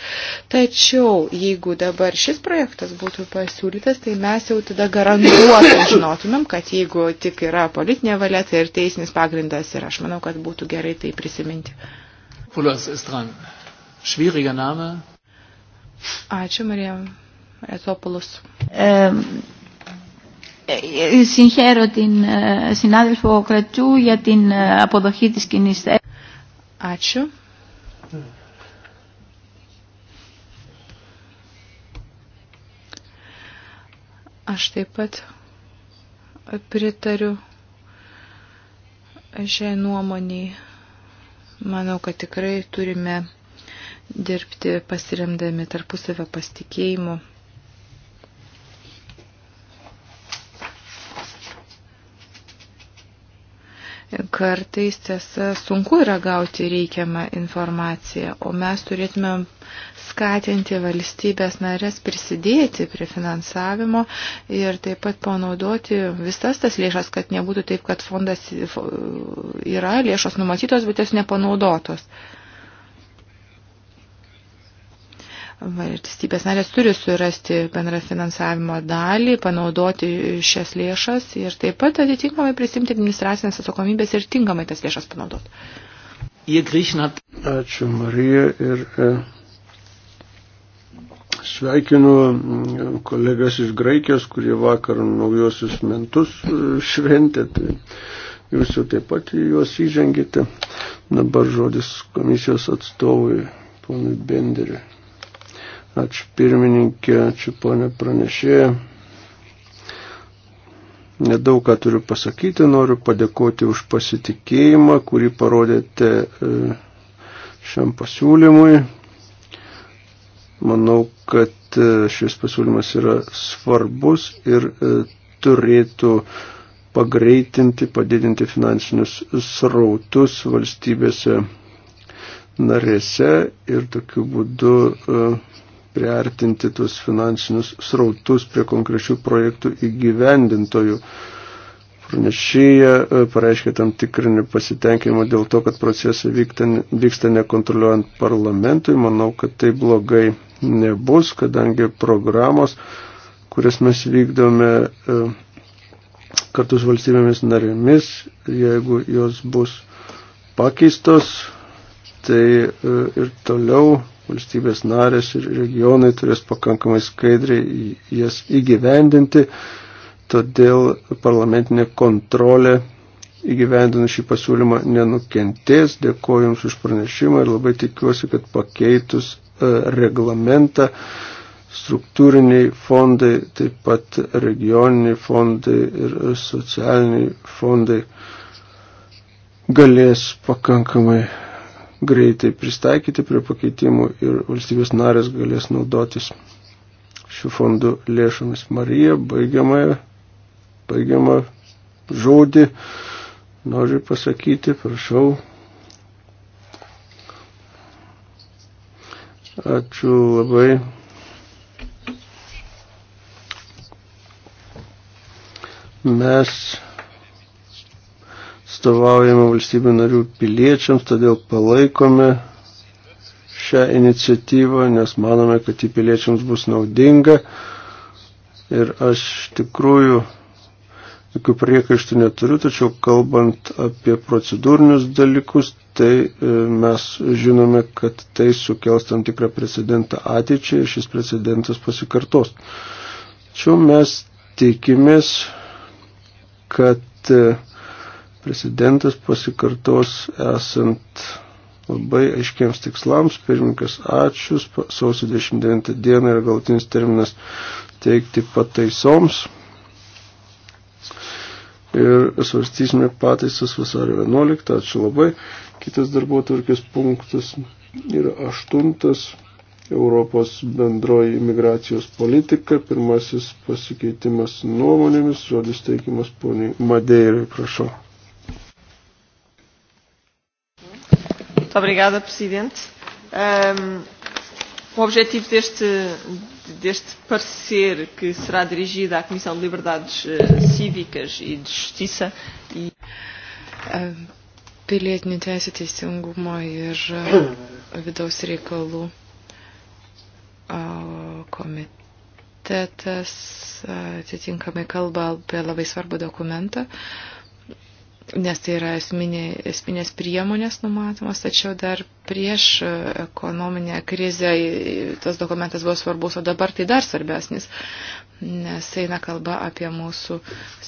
Tačiau, jeigu dabar šis projektas būtų pasiūlytas, tai mes jau tada garantuotai žinotumėm, kad jeigu tik yra politinė valia, tai ir teisinis pagrindas ir aš manau, kad būtų gerai tai prisiminti. Ačiū, Marija Etopulus. Um. Συγχαίρω την συνάδελφο Κρατσού για την αποδοχή της κοινής θέσης. Ačiū. Aš taip pat pritariu šiai nuomoniai. Manau, kad tikrai turime dirbti pasiremdami tarpusavio pasitikėjimu kartais tiesa sunku yra gauti reikiamą informaciją, o mes turėtume skatinti valstybės narės prisidėti prie finansavimo ir taip pat panaudoti visas tas lėšas, kad nebūtų taip, kad fondas yra, lėšos numatytos, bet jos nepanaudotos. valstybės narės turi surasti bendrą finansavimo dalį, panaudoti šias lėšas ir taip pat atitinkamai prisimti administracinės atsakomybės ir tinkamai tas lėšas
panaudoti. Ačiū Marija ir e, sveikinu mm, kolegas iš Graikijos, kurie vakar naujosius mentus e, šventė. Tai jūs jau taip pat juos įžengite. Dabar žodis komisijos atstovui, ponui Benderiui. Ačiū pirmininkė, ačiū ponė pranešėja. Nedaug ką turiu pasakyti, noriu padėkoti už pasitikėjimą, kurį parodėte e, šiam pasiūlymui. Manau, kad e, šis pasiūlymas yra svarbus ir e, turėtų pagreitinti, padidinti finansinius srautus valstybėse narėse ir tokiu būdu uh, priartinti tuos finansinius srautus prie konkrečių projektų įgyvendintojų. Pranešėja e, pareiškia tam tikrą nepasitenkinimą dėl to, kad procesai vyksta nekontroliuojant parlamentui. Manau, kad tai blogai nebus, kadangi programos, kurias mes vykdome e, kartu su valstybėmis narėmis, jeigu jos bus pakeistos, tai e, ir toliau valstybės narės ir regionai turės pakankamai skaidriai jas įgyvendinti, todėl parlamentinė kontrolė įgyvendinus šį pasiūlymą nenukentės. Dėkuoju Jums už pranešimą ir labai tikiuosi, kad pakeitus e, reglamentą struktūriniai fondai, taip pat regioniniai fondai ir socialiniai fondai galės pakankamai greitai pristaikyti prie pakeitimų ir valstybės narės galės naudotis šių fondų lėšomis. Marija, baigiamą, baigiamą žodį noriu pasakyti, prašau. Ačiū labai. Mes atstovaujame valstybių narių piliečiams, todėl palaikome šią iniciatyvą, nes manome, kad į piliečiams bus naudinga. Ir aš tikrųjų jokių priekaištų neturiu, tačiau kalbant apie procedūrinius dalykus, tai e, mes žinome, kad tai sukels tam tikrą precedentą ateičiai ir šis precedentas pasikartos. Tačiau mes tikimės, kad e, Presidentas pasikartos esant labai aiškiems tikslams. Pirmininkas, ačiū. Sausio 29 dieną yra galtinis terminas teikti pataisoms. Ir svarstysime pataisas vasario 11. Ačiū labai. Kitas darbo tvarkės punktas yra aštuntas. Europos bendroji imigracijos politika. Pirmasis pasikeitimas nuomonėmis. Žodis teikimas poniai Madeirai, prašau. Muito obrigada, Presidente. Um, o
objetivo deste, deste parecer, que será dirigido à Comissão de Liberdades eh, Cívicas e de Justiça. E...
Pilietinių teisų teisingumo ir vidaus reikalų komitetas atitinkamai kalba apie labai svarbų dokumentą, nes tai yra esminė, esminės priemonės numatomas, tačiau dar prieš ekonominę krizę tas dokumentas buvo svarbus, o dabar tai dar svarbesnis, nes eina kalba apie mūsų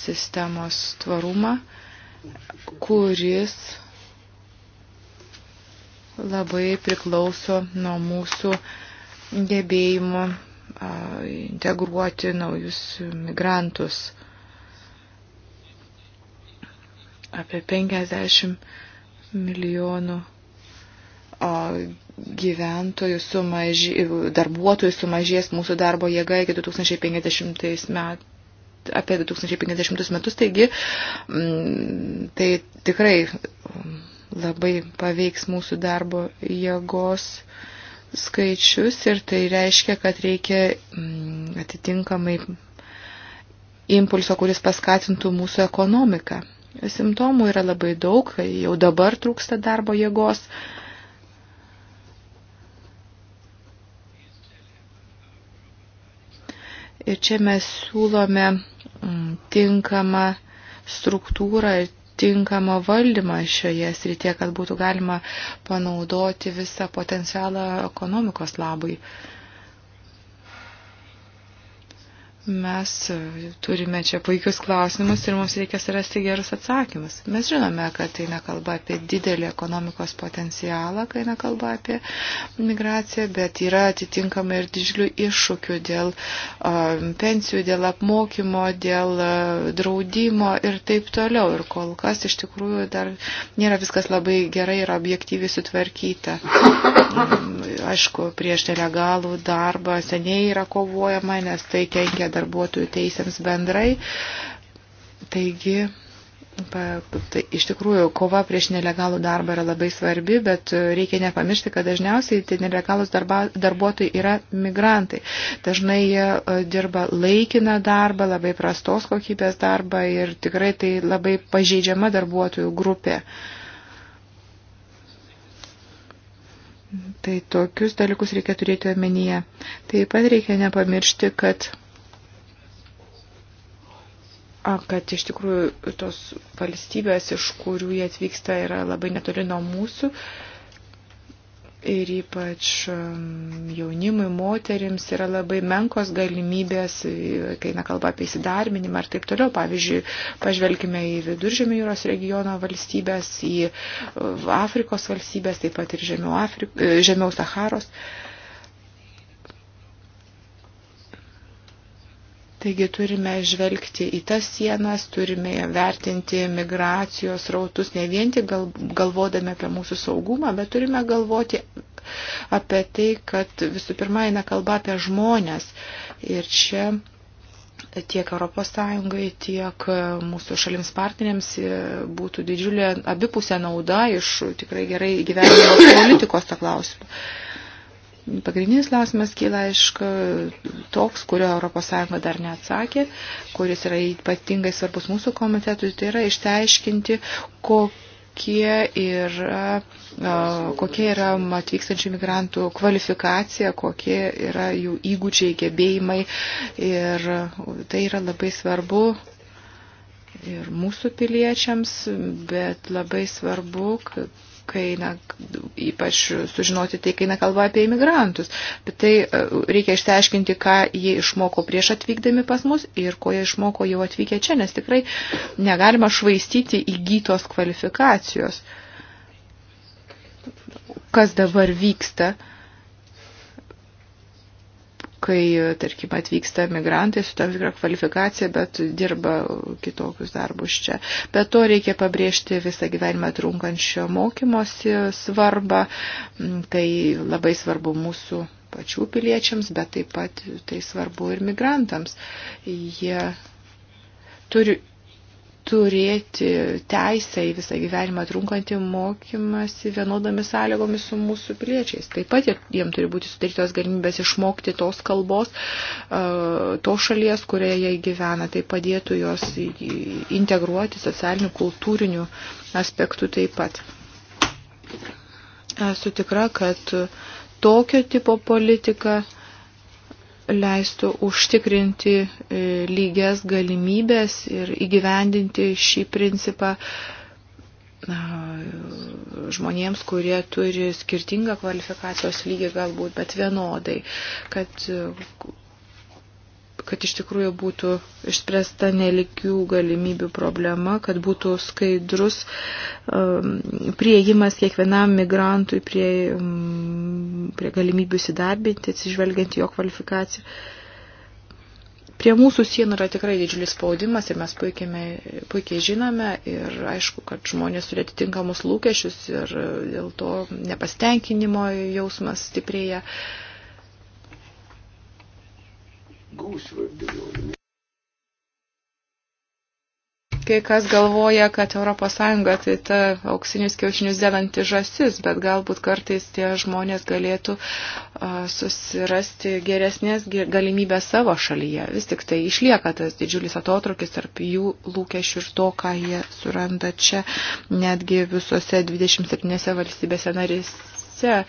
sistemos tvarumą, kuris labai priklauso nuo mūsų gebėjimo integruoti naujus migrantus. apie 50 milijonų o, gyventojų sumaži, darbuotojų sumažės mūsų darbo jėga iki 2050 metų apie 2050 metus, taigi mm, tai tikrai mm, labai paveiks mūsų darbo jėgos skaičius ir tai reiškia, kad reikia mm, atitinkamai impulso, kuris paskatintų mūsų ekonomiką. Simptomų yra labai daug, jau dabar trūksta darbo jėgos. Ir čia mes siūlome mm, tinkamą struktūrą ir tinkamą valdymą šioje srityje, kad būtų galima panaudoti visą potencialą ekonomikos labai. Mes turime čia puikius klausimus ir mums reikia surasti gerus atsakymus. Mes žinome, kad tai nekalba apie didelį ekonomikos potencialą, kai nekalba apie migraciją, bet yra atitinkamai ir didžiulių iššūkių dėl uh, pensijų, dėl apmokymo, dėl uh, draudimo ir taip toliau. Ir kol kas iš tikrųjų dar nėra viskas labai gerai ir objektyviai sutvarkyta. Um, aišku, prieš nelegalų darbą seniai yra kovojama, nes tai kenkia darbuotojų teisėms bendrai. Taigi, Tai iš tikrųjų, kova prieš nelegalų darbą yra labai svarbi, bet reikia nepamiršti, kad dažniausiai tai nelegalus darba, darbuotojai yra migrantai. Dažnai jie e, dirba laikiną darbą, labai prastos kokybės darbą ir tikrai tai labai pažeidžiama darbuotojų grupė. Tai tokius dalykus reikia turėti omenyje. Taip pat reikia nepamiršti, kad kad iš tikrųjų tos valstybės, iš kurių jie atvyksta, yra labai netoli nuo mūsų. Ir ypač um, jaunimui, moterims yra labai menkos galimybės, e, kai eina kalba apie įsidarminimą ir taip toliau. Pavyzdžiui, pažvelgime į Viduržėmio jūros regiono valstybės, į e, Afrikos valstybės, taip pat ir žemiau, Afrik... E, žemiau Saharos. Uh, Taigi turime žvelgti į tas sienas, turime vertinti migracijos rautus ne vien tik gal, galvodami apie mūsų saugumą, bet turime galvoti apie tai, kad visų pirma eina kalba apie žmonės. Ir čia tiek ES, tiek mūsų šalims partneriams būtų didžiulė abipusė nauda iš tikrai gerai gyvenimo politikos tą klausimą. Pagrindinis klausimas kyla, aišku, toks, kurio ES dar neatsakė, kuris yra ypatingai svarbus mūsų komitetui, tai yra išteiškinti, kokie yra, kokie yra atvykstančių migrantų kvalifikacija, kokie yra jų įgūdžiai, gebėjimai. Ir tai yra labai svarbu ir mūsų piliečiams, bet labai svarbu, kad kai na, ypač sužinoti tai, kai nekalba apie imigrantus. Bet tai e, reikia išsiaiškinti, ką jie išmoko prieš atvykdami pas mus ir ko jie išmoko jau atvykę čia, nes tikrai negalima švaistyti įgytos kvalifikacijos. Kas dabar vyksta? Uh, kai, tarkim, atvyksta migrantai su tam tikra kvalifikacija, bet dirba kitokius darbus čia. Bet to reikia pabrėžti visą gyvenimą trunkančio mokymosi svarbą. Mm, tai labai svarbu mūsų pačių piliečiams, bet taip pat tai svarbu ir migrantams. Jie turi turėti teisę į visą gyvenimą trunkantį mokymąsi vienodomis sąlygomis su mūsų piliečiais. Taip pat jiem turi būti sudarytos galimybės išmokti tos kalbos, tos šalies, kurioje jie gyvena. Tai padėtų juos integruoti socialinių, kultūrinių aspektų taip pat. Esu tikra, kad tokio tipo politika leistų užtikrinti e, lygias galimybės ir įgyvendinti šį principą žmonėms, kurie turi skirtingą kvalifikacijos lygį galbūt, bet vienodai, kad kad iš tikrųjų būtų išspręsta neligių galimybių problema, kad būtų skaidrus um, prieimas kiekvienam migrantui prie, um, prie galimybių įsidarbinti, atsižvelgiant jo kvalifikaciją. Prie mūsų sienų yra tikrai didžiulis spaudimas ir mes puikiai, puikiai žinome ir aišku, kad žmonės turi atitinkamus lūkesčius ir dėl to nepastenkinimo jausmas stiprėja. Uh,
gausvardį norime.
Kai kas galvoja, kad ES tai ta auksinius kiaušinius dėlanti žasis, bet galbūt kartais tie žmonės galėtų susirasti geresnės galimybės savo šalyje. Vis tik tai išlieka tas didžiulis atotrukis tarp jų lūkesčių ir to, ką jie suranda čia, netgi visose 27 valstybėse narys narėse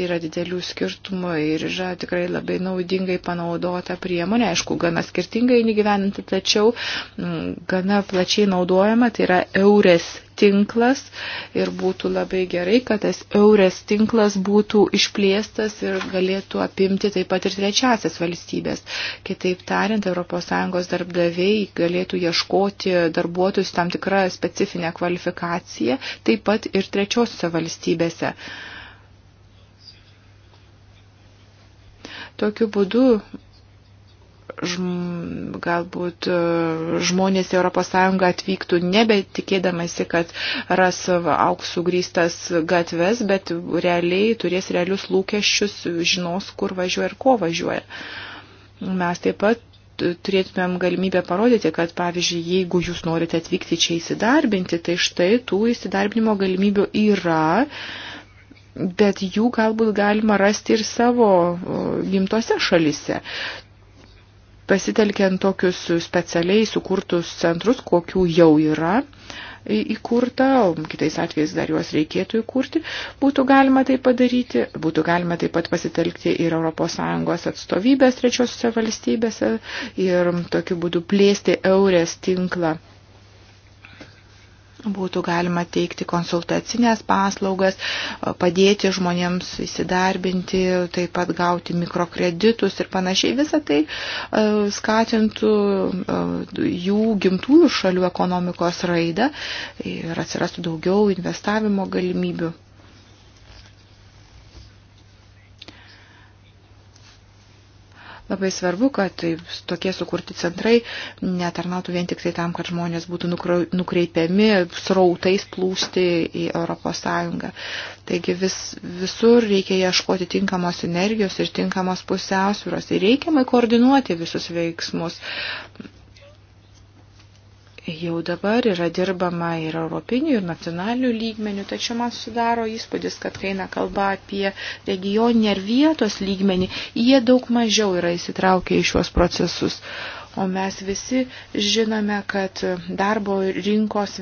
yra didelių skirtumų ir yra tikrai labai naudingai panaudota priemonė, aišku, gana skirtingai įgyveninti, tačiau mm, gana plačiai naudojama, tai yra eurės tinklas ir būtų labai gerai, kad tas eurės tinklas būtų išplėstas ir galėtų apimti taip pat ir trečiasias valstybės. Kitaip tariant, ES darbdaviai galėtų ieškoti darbuotojus tam tikrą specifinę kvalifikaciją, taip pat ir trečiosiose valstybėse. Tokiu būdu žm, galbūt e, žmonės į ES atvyktų nebetikėdamasi, kad ras auksų grįstas gatves, bet realiai turės realius lūkesčius, žinos, kur važiuoja ir ko važiuoja. Mes taip pat turėtumėm galimybę parodyti, kad, pavyzdžiui, jeigu jūs norite atvykti čia įsidarbinti, tai štai tų įsidarbinimo galimybių yra bet jų galbūt galima rasti ir savo gimtose šalise. Pasitelkiant tokius specialiai sukurtus centrus, kokių jau yra įkurta, o kitais atvejais dar juos reikėtų įkurti, būtų galima tai padaryti, būtų galima taip pat pasitelkti ir ES atstovybės trečiosiuose valstybėse ir tokiu būdu plėsti eurės tinklą būtų galima teikti konsultacinės paslaugas, padėti žmonėms įsidarbinti, taip pat gauti mikrokreditus ir panašiai. Visą tai e, skatintų e, jų gimtųjų šalių ekonomikos raidą ir atsirastų daugiau investavimo galimybių. Labai svarbu, kad taip, tokie sukurti centrai netarnautų vien tik tai tam, kad žmonės būtų nukreipiami srautais plūsti į ES. Taigi vis, visur reikia ieškoti tinkamos sinergijos ir tinkamos pusiausvyros ir reikiamai koordinuoti visus veiksmus jau dabar yra dirbama ir europinių, ir nacionalinių lygmenių, tačiau man sudaro įspūdis, kad kai eina kalba apie regioninį ar vietos lygmenį, jie daug mažiau yra įsitraukę į šiuos procesus. Uh, O mes visi žinome, kad darbo rinkos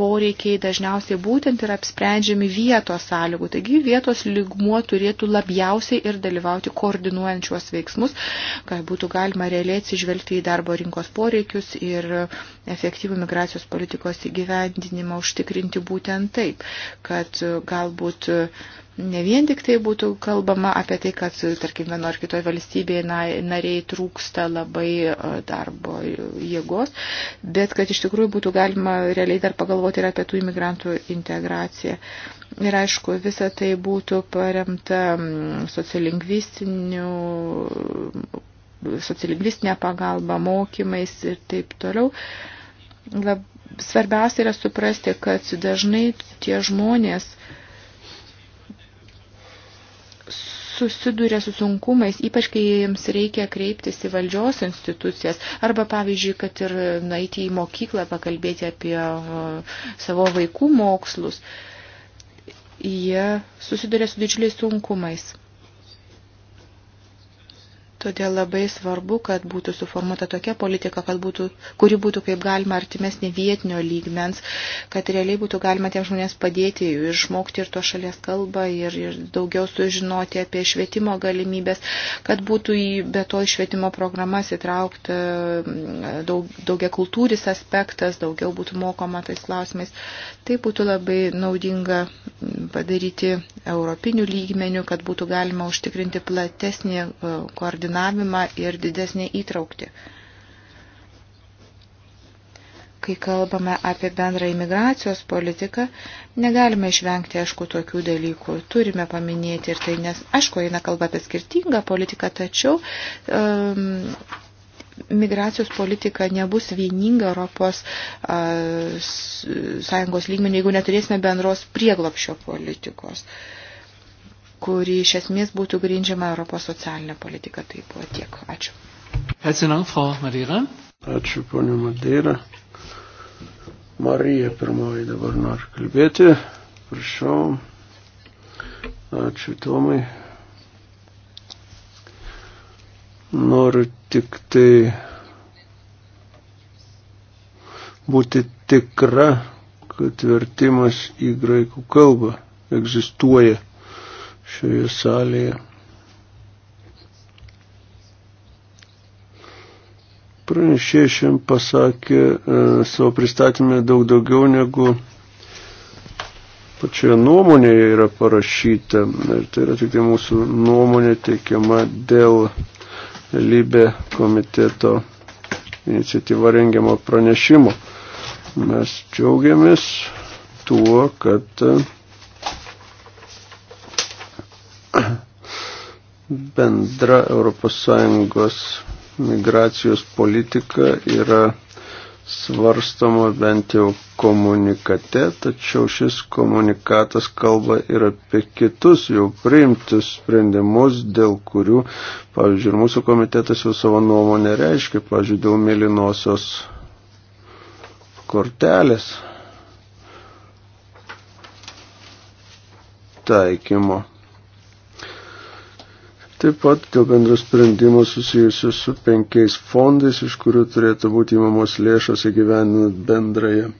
poreikiai dažniausiai būtent yra apsprendžiami vietos sąlygų. Taigi vietos lygmuo turėtų labiausiai ir dalyvauti koordinuojančios veiksmus, kad būtų galima realiai atsižvelgti į darbo rinkos poreikius ir efektyvų migracijos politikos įgyvendinimą užtikrinti būtent taip, kad galbūt ne vien tik tai būtų kalbama apie tai, kad, tarkim, vieno ar kitoje valstybėje nariai trūksta labai e, darbo jėgos, bet kad iš tikrųjų būtų galima realiai dar pagalvoti ir apie tų imigrantų integraciją. Ir aišku, visa tai būtų paremta sociolingvistinių sociolingvistinė pagalba, mokymais ir taip toliau. Lab, svarbiausia yra suprasti, kad dažnai tie žmonės, susiduria su sunkumais, ypač kai jiems reikia kreiptis į valdžios institucijas arba, pavyzdžiui, kad ir nueiti į mokyklą pakalbėti apie savo vaikų mokslus, jie susiduria su didžiuliais sunkumais. Todėl labai svarbu, kad būtų suformuota tokia politika, kad būtų, kuri būtų kaip galima artimesnė vietinio lygmens, kad realiai būtų galima tiem žmonėms padėti ir išmokti ir to šalies kalbą ir, ir daugiau sužinoti apie švietimo galimybės, kad būtų į be to švietimo programas įtraukta e, daug, daugia kultūris aspektas, daugiau būtų mokoma tais klausimais. Tai būtų labai naudinga padaryti europinių lygmenių, kad būtų galima užtikrinti platesnį e, koordinaciją planavimą ir didesnį įtraukti. Kai kalbame apie bendrą imigracijos politiką, negalime išvengti, aišku, tokių dalykų. Turime paminėti ir tai, nes, aišku, eina kalba apie skirtingą politiką, tačiau um, migracijos politika nebus vieninga Europos Sąjungos lygmenį, jeigu neturėsime bendros prieglopšio politikos. Uh, kuri iš esmės būtų grindžiama Europos socialinė politika. Tai buvo tiek. Ačiū.
Ačiū, ponė Madeira. Marija pirmoji dabar nori kalbėti. Prašau. Ačiū, Tomai. Noriu tik tai būti tikra, kad vertimas į graikų kalbą egzistuoja šioje salėje. Pranešė šiam pasakė e, savo pristatymę daug daugiau negu pačioje nuomonėje yra parašyta. Ir tai yra tik tai mūsų nuomonė teikiama dėl Libė komiteto iniciatyva rengiamo pranešimo. Mes džiaugiamės tuo, kad Bendra ES migracijos politika yra svarstoma bent jau komunikate, tačiau šis komunikatas kalba ir apie kitus jau priimtus sprendimus, dėl kurių, pavyzdžiui, ir mūsų komitetas jau savo nuomonę reiškia, pavyzdžiui, dėl mėlynosios kortelės taikymo. Taip pat dėl bendro sprendimo susijusiu su penkiais fondais, iš kurių turėtų būti įmamos lėšos įgyveninant bendrąją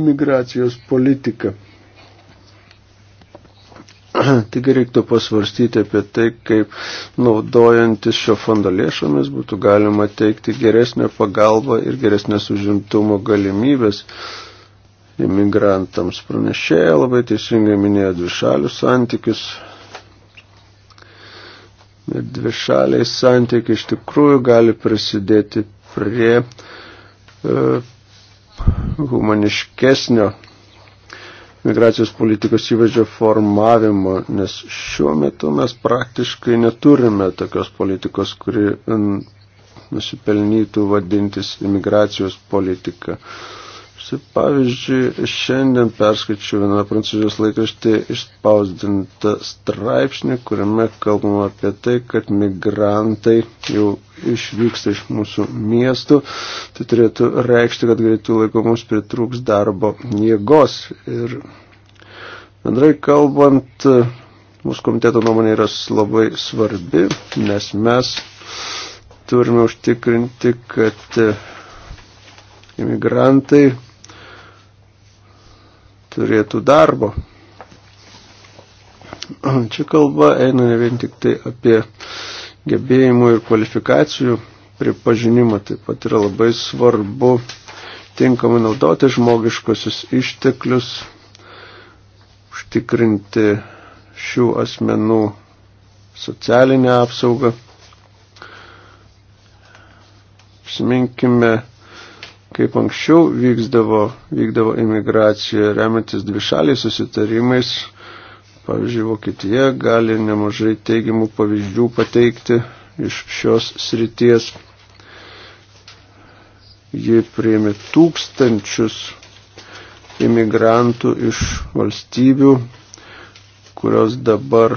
imigracijos politiką. Tik reiktų pasvarstyti apie tai, kaip naudojantis šio fondo lėšomis būtų galima teikti geresnę pagalbą ir geresnės užimtumo galimybės imigrantams. Pranešėja labai teisingai minėjo dvišalius santykius dvišaliai santykiai iš tikrųjų gali prisidėti prie e, humaniškesnio migracijos politikos įvaizdžio formavimo, nes šiuo metu mes praktiškai neturime tokios politikos, kuri nusipelnytų vadintis imigracijos politika. Uh, Pavyzdžiui, šiandien perskaičiu vieną prancūzijos laikraštį išspausdintą straipsnį, kuriame kalbama apie tai, kad migrantai jau išvyksta iš mūsų miestų. Tai turėtų reikšti, kad greitų laikų mums pritrūks darbo jėgos. Ir bendrai kalbant, mūsų komiteto nuomonė yra labai svarbi, nes mes turime užtikrinti, kad imigrantai turėtų darbo. Čia kalba eina ne vien tik tai apie gebėjimų ir kvalifikacijų pripažinimą, taip pat yra labai svarbu tinkamai naudoti žmogiškosius išteklius, užtikrinti šių asmenų socialinę apsaugą. Prisiminkime Kaip anksčiau vykdavo, vykdavo imigracija remiantis dvišaliai susitarimais, pavyzdžiui, Vokietija gali nemažai teigiamų pavyzdžių pateikti iš šios srities. Ji priėmė tūkstančius imigrantų iš valstybių, kurios dabar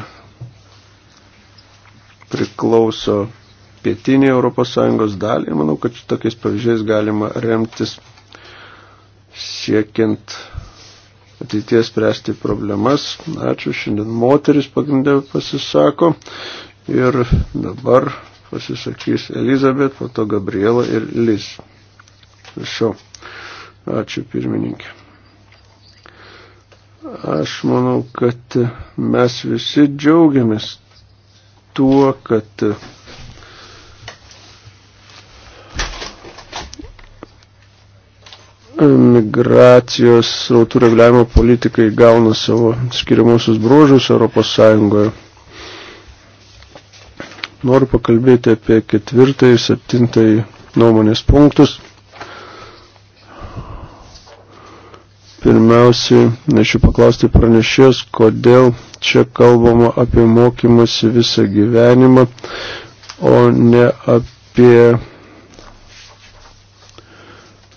priklauso pietinį ES dalį. Manau, kad tokiais pavyzdžiais galima remtis siekiant ateities spręsti problemas. Ačiū, šiandien moteris pagrindė pasisako ir dabar pasisakys Elizabet, po to Gabriela ir Liz. Prašau. Ačiū pirmininkė. Aš manau, kad mes visi džiaugiamės tuo, kad migracijos rautų reguliavimo politikai gauna savo skiriamusius bruožus Europos Sąjungoje. Noriu pakalbėti apie ketvirtąjį, septintąjį nuomonės punktus. Pirmiausiai, nešiu paklausti pranešės, kodėl čia kalbama apie mokymasi visą gyvenimą, o ne apie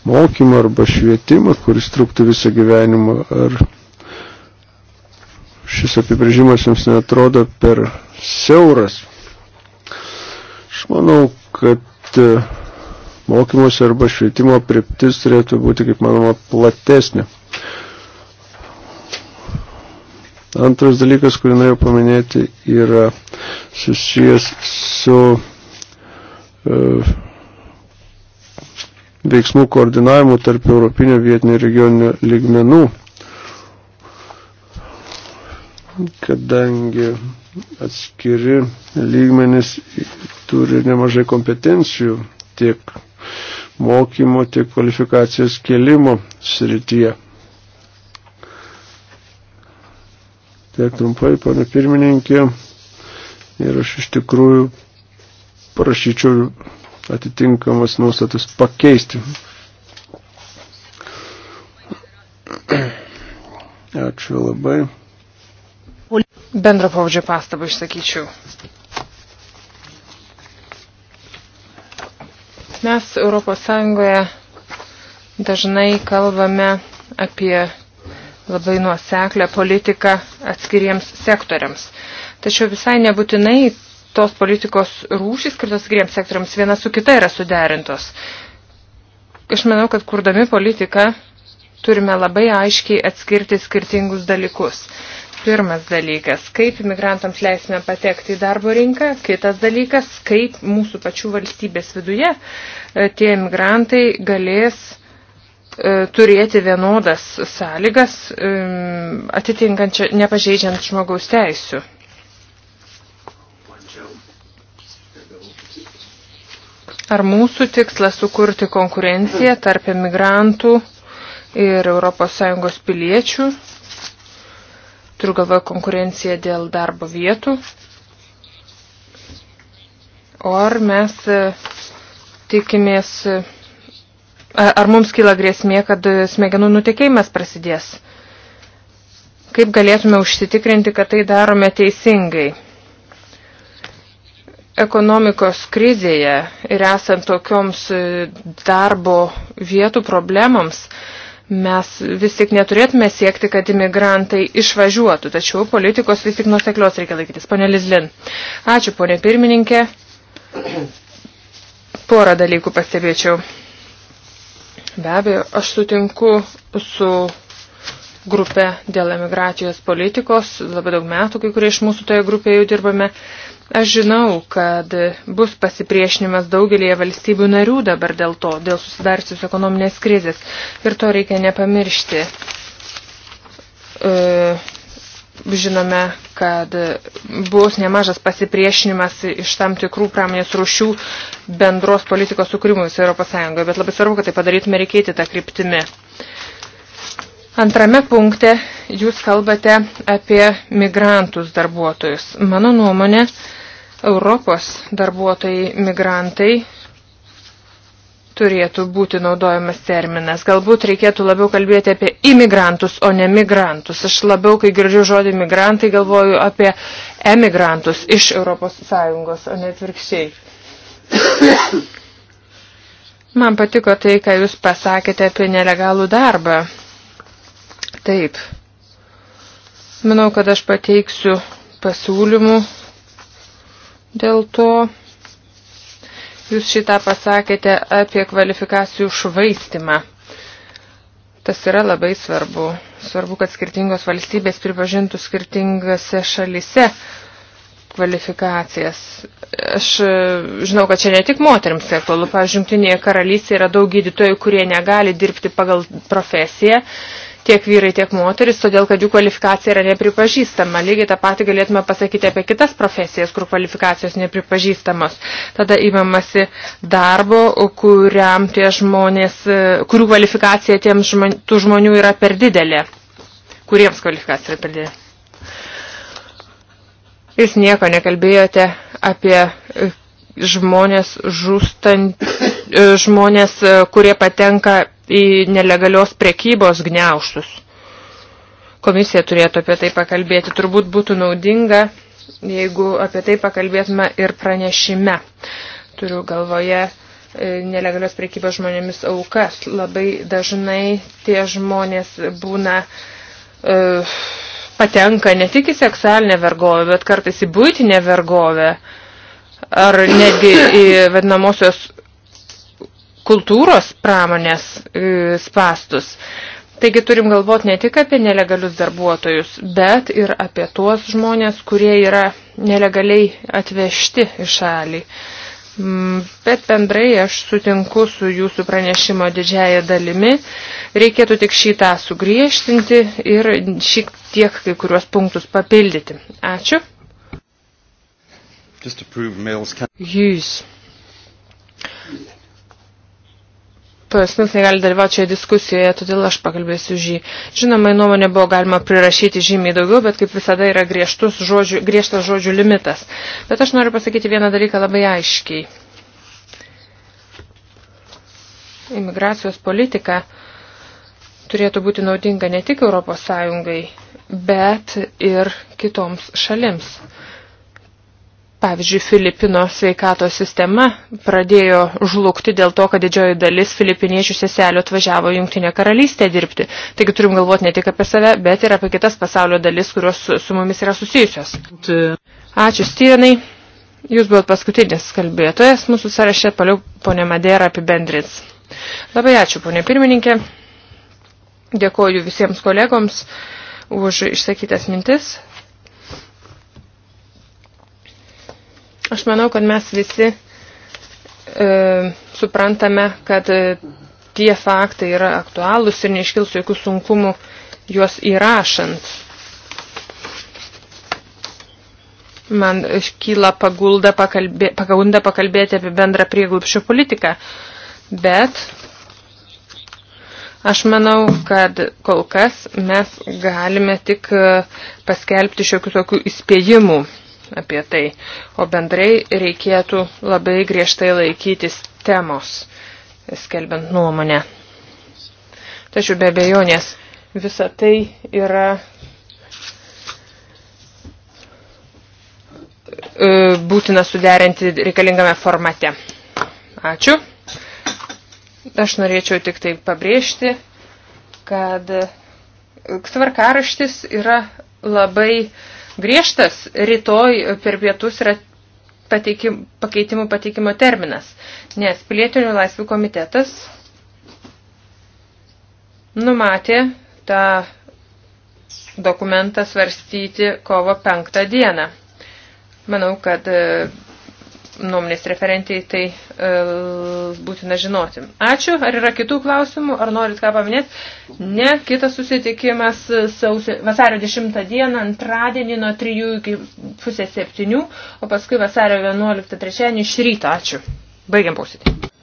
mokymą arba švietimą, kuris truktų visą gyvenimą, ar šis apibrėžimas jums netrodo per siauras. Aš manau, kad e, mokymosi arba švietimo priptis turėtų būti, kaip manoma, platesnė. Antras dalykas, kurį norėjau paminėti, yra susijęs su uh, veiksmų koordinavimu tarp europinio vietinio regioninio lygmenų, kadangi atskiri lygmenis turi nemažai kompetencijų tiek mokymo, tiek kvalifikacijos kelimo srityje. Tiek trumpai, pane pirmininkė, ir aš iš tikrųjų prašyčiau atitinkamas nuostatas pakeisti. Ačiū labai.
Bendro pavadžio pastabą išsakyčiau. Mes Europos Sąjungoje dažnai kalbame apie labai nuoseklę politiką atskiriems sektoriams. Tačiau visai nebūtinai tos politikos rūšys, skirtos skiriams sektoriams, viena su kita yra suderintos. Aš manau, kad kurdami politiką turime labai aiškiai atskirti skirtingus dalykus. Pirmas dalykas, kaip imigrantams leisime patekti į darbo rinką. Kitas dalykas, kaip mūsų pačių valstybės viduje e, tie imigrantai galės e, turėti vienodas sąlygas, e, atitinkančią, nepažeidžiant žmogaus teisių. Ar mūsų tikslas sukurti konkurenciją tarp emigrantų ir ES piliečių? Turiu galvoje konkurenciją dėl darbo vietų. Ar mes e, tikimės, e, ar mums kyla grėsmė, kad e, smegenų nutekėjimas prasidės? Kaip galėtume užsitikrinti, kad tai darome teisingai? ekonomikos krizėje ir esant tokioms e, darbo vietų problemams, mes vis tik neturėtume siekti, kad imigrantai išvažiuotų, tačiau politikos vis tik nuseklios reikia laikytis. Pone Lizlin, ačiū ponė pirmininkė. Porą dalykų pastebėčiau. Be abejo, aš sutinku su grupė dėl emigracijos politikos. Labai daug metų kai kurie iš mūsų toje grupėje jau dirbame. Aš žinau, kad bus pasipriešinimas daugelėje valstybių narių dabar dėl to, dėl susidarsius ekonominės krizės. Ir to reikia nepamiršti. E, žinome, kad bus nemažas pasipriešinimas iš tam tikrų pramonės rūšių bendros politikos sukūrimų visoje Europos Sąjungoje, bet labai svarbu, kad tai padarytume reikėti tą kryptimį. Antrame punkte jūs kalbate apie migrantus darbuotojus. Mano nuomonė, Europos darbuotojai migrantai turėtų būti naudojamas terminas. Galbūt reikėtų labiau kalbėti apie imigrantus, o ne migrantus. Aš labiau, kai girdžiu žodį migrantai, galvoju apie emigrantus iš Europos Sąjungos, o ne atvirkščiai. Man patiko tai, ką jūs pasakėte apie nelegalų darbą. Taip. Manau, kad aš pateiksiu pasiūlymų Dėl to jūs šitą pasakėte apie kvalifikacijų švaistimą. Tas yra labai svarbu. Svarbu, kad skirtingos valstybės pripažintų skirtingose šalise kvalifikacijas. Aš e, žinau, kad čia ne tik moteriams aktualu. Pavyzdžiui, Junktinėje karalystėje yra daug gydytojų, kurie negali dirbti pagal profesiją tiek vyrai, tiek moteris, todėl kad jų kvalifikacija yra nepripažįstama. Lygiai tą patį galėtume pasakyti apie kitas profesijas, kur kvalifikacijos nepripažįstamos. Tada įmamasi darbo, kuriam tie žmonės, e, kurių kvalifikacija tiem žmon, tų žmonių yra per didelė, kuriems kvalifikacija yra per didelė. Jūs nieko nekalbėjote apie e, žmonės žūstant, e, žmonės, kurie patenka į nelegalios prekybos gniauštus. Komisija turėtų apie tai pakalbėti. Turbūt būtų naudinga, jeigu apie tai pakalbėtume ir pranešime. Turiu galvoje e, nelegalios prekybos žmonėmis aukas. Labai dažnai tie žmonės būna uh, patenka ne tik į seksualinę vergovę, bet kartais į būtinę vergovę ar netgi į vadinamosios kultūros pramonės e, spastus. Taigi turim galvoti ne tik apie nelegalius darbuotojus, bet ir apie tuos žmonės, kurie yra nelegaliai atvežti į šalį. Mm, bet bendrai aš sutinku su jūsų pranešimo didžiaja dalimi. Reikėtų tik šitą sugriežtinti ir šiek tiek kai kuriuos punktus papildyti. Ačiū.
Can...
Jūs. ponas Nils negali dalyvauti šioje diskusijoje, todėl aš pakalbėsiu žį. Žinoma, nuomonė buvo galima prirašyti žymiai daugiau, bet kaip visada yra žodžių, griežtas žodžių limitas. Bet aš noriu pasakyti vieną dalyką labai aiškiai. Imigracijos politika turėtų būti naudinga ne tik Europos Sąjungai, bet ir kitoms šalims. Pavyzdžiui, Filipino sveikato sistema pradėjo žlugti dėl to, kad didžioji dalis filipiniečių seselio atvažiavo Jungtinė karalystė dirbti. Taigi turim galvoti ne tik apie save, bet ir apie kitas pasaulio dalis, kurios su mumis yra susijusios. Ačiū, Stienai. Jūs buvot paskutinis kalbėtojas mūsų sąraše, paliau ponė Madera apibendrins. Labai ačiū, ponė pirmininkė. Dėkoju visiems kolegoms už išsakytas mintis. Aš manau, kad mes visi e, suprantame, kad e, tie faktai yra aktualūs ir neiškils jokių sunkumų juos įrašant. Man iškyla pagulda pakalbė, pagunda pakalbėti apie bendrą prieglupščio politiką, bet aš manau, kad kol kas mes galime tik e, paskelbti šiokių tokių įspėjimų apie tai, o bendrai reikėtų labai griežtai laikytis temos, skelbiant nuomonę. Tačiau be abejonės visa tai yra e, būtina suderinti reikalingame formate. Ačiū. Aš norėčiau tik tai pabrėžti, kad tvarkaraštis yra labai uh, griežtas, rytoj per pietus yra pateikim, pakeitimų pateikimo terminas, nes pilietinių laisvių komitetas numatė tą dokumentą svarstyti kovo penktą dieną. Manau, kad nuomonės referentiai tai e, būtina žinoti. Ačiū. Ar yra kitų klausimų? Ar norit ką paminėti? Ne. Kitas susitikimas e, sausio, vasario 10 dieną, antradienį nuo 3 iki pusės 7, o paskui vasario 11 trečiadienį iš ryto. Ačiū. Baigiam posėdį.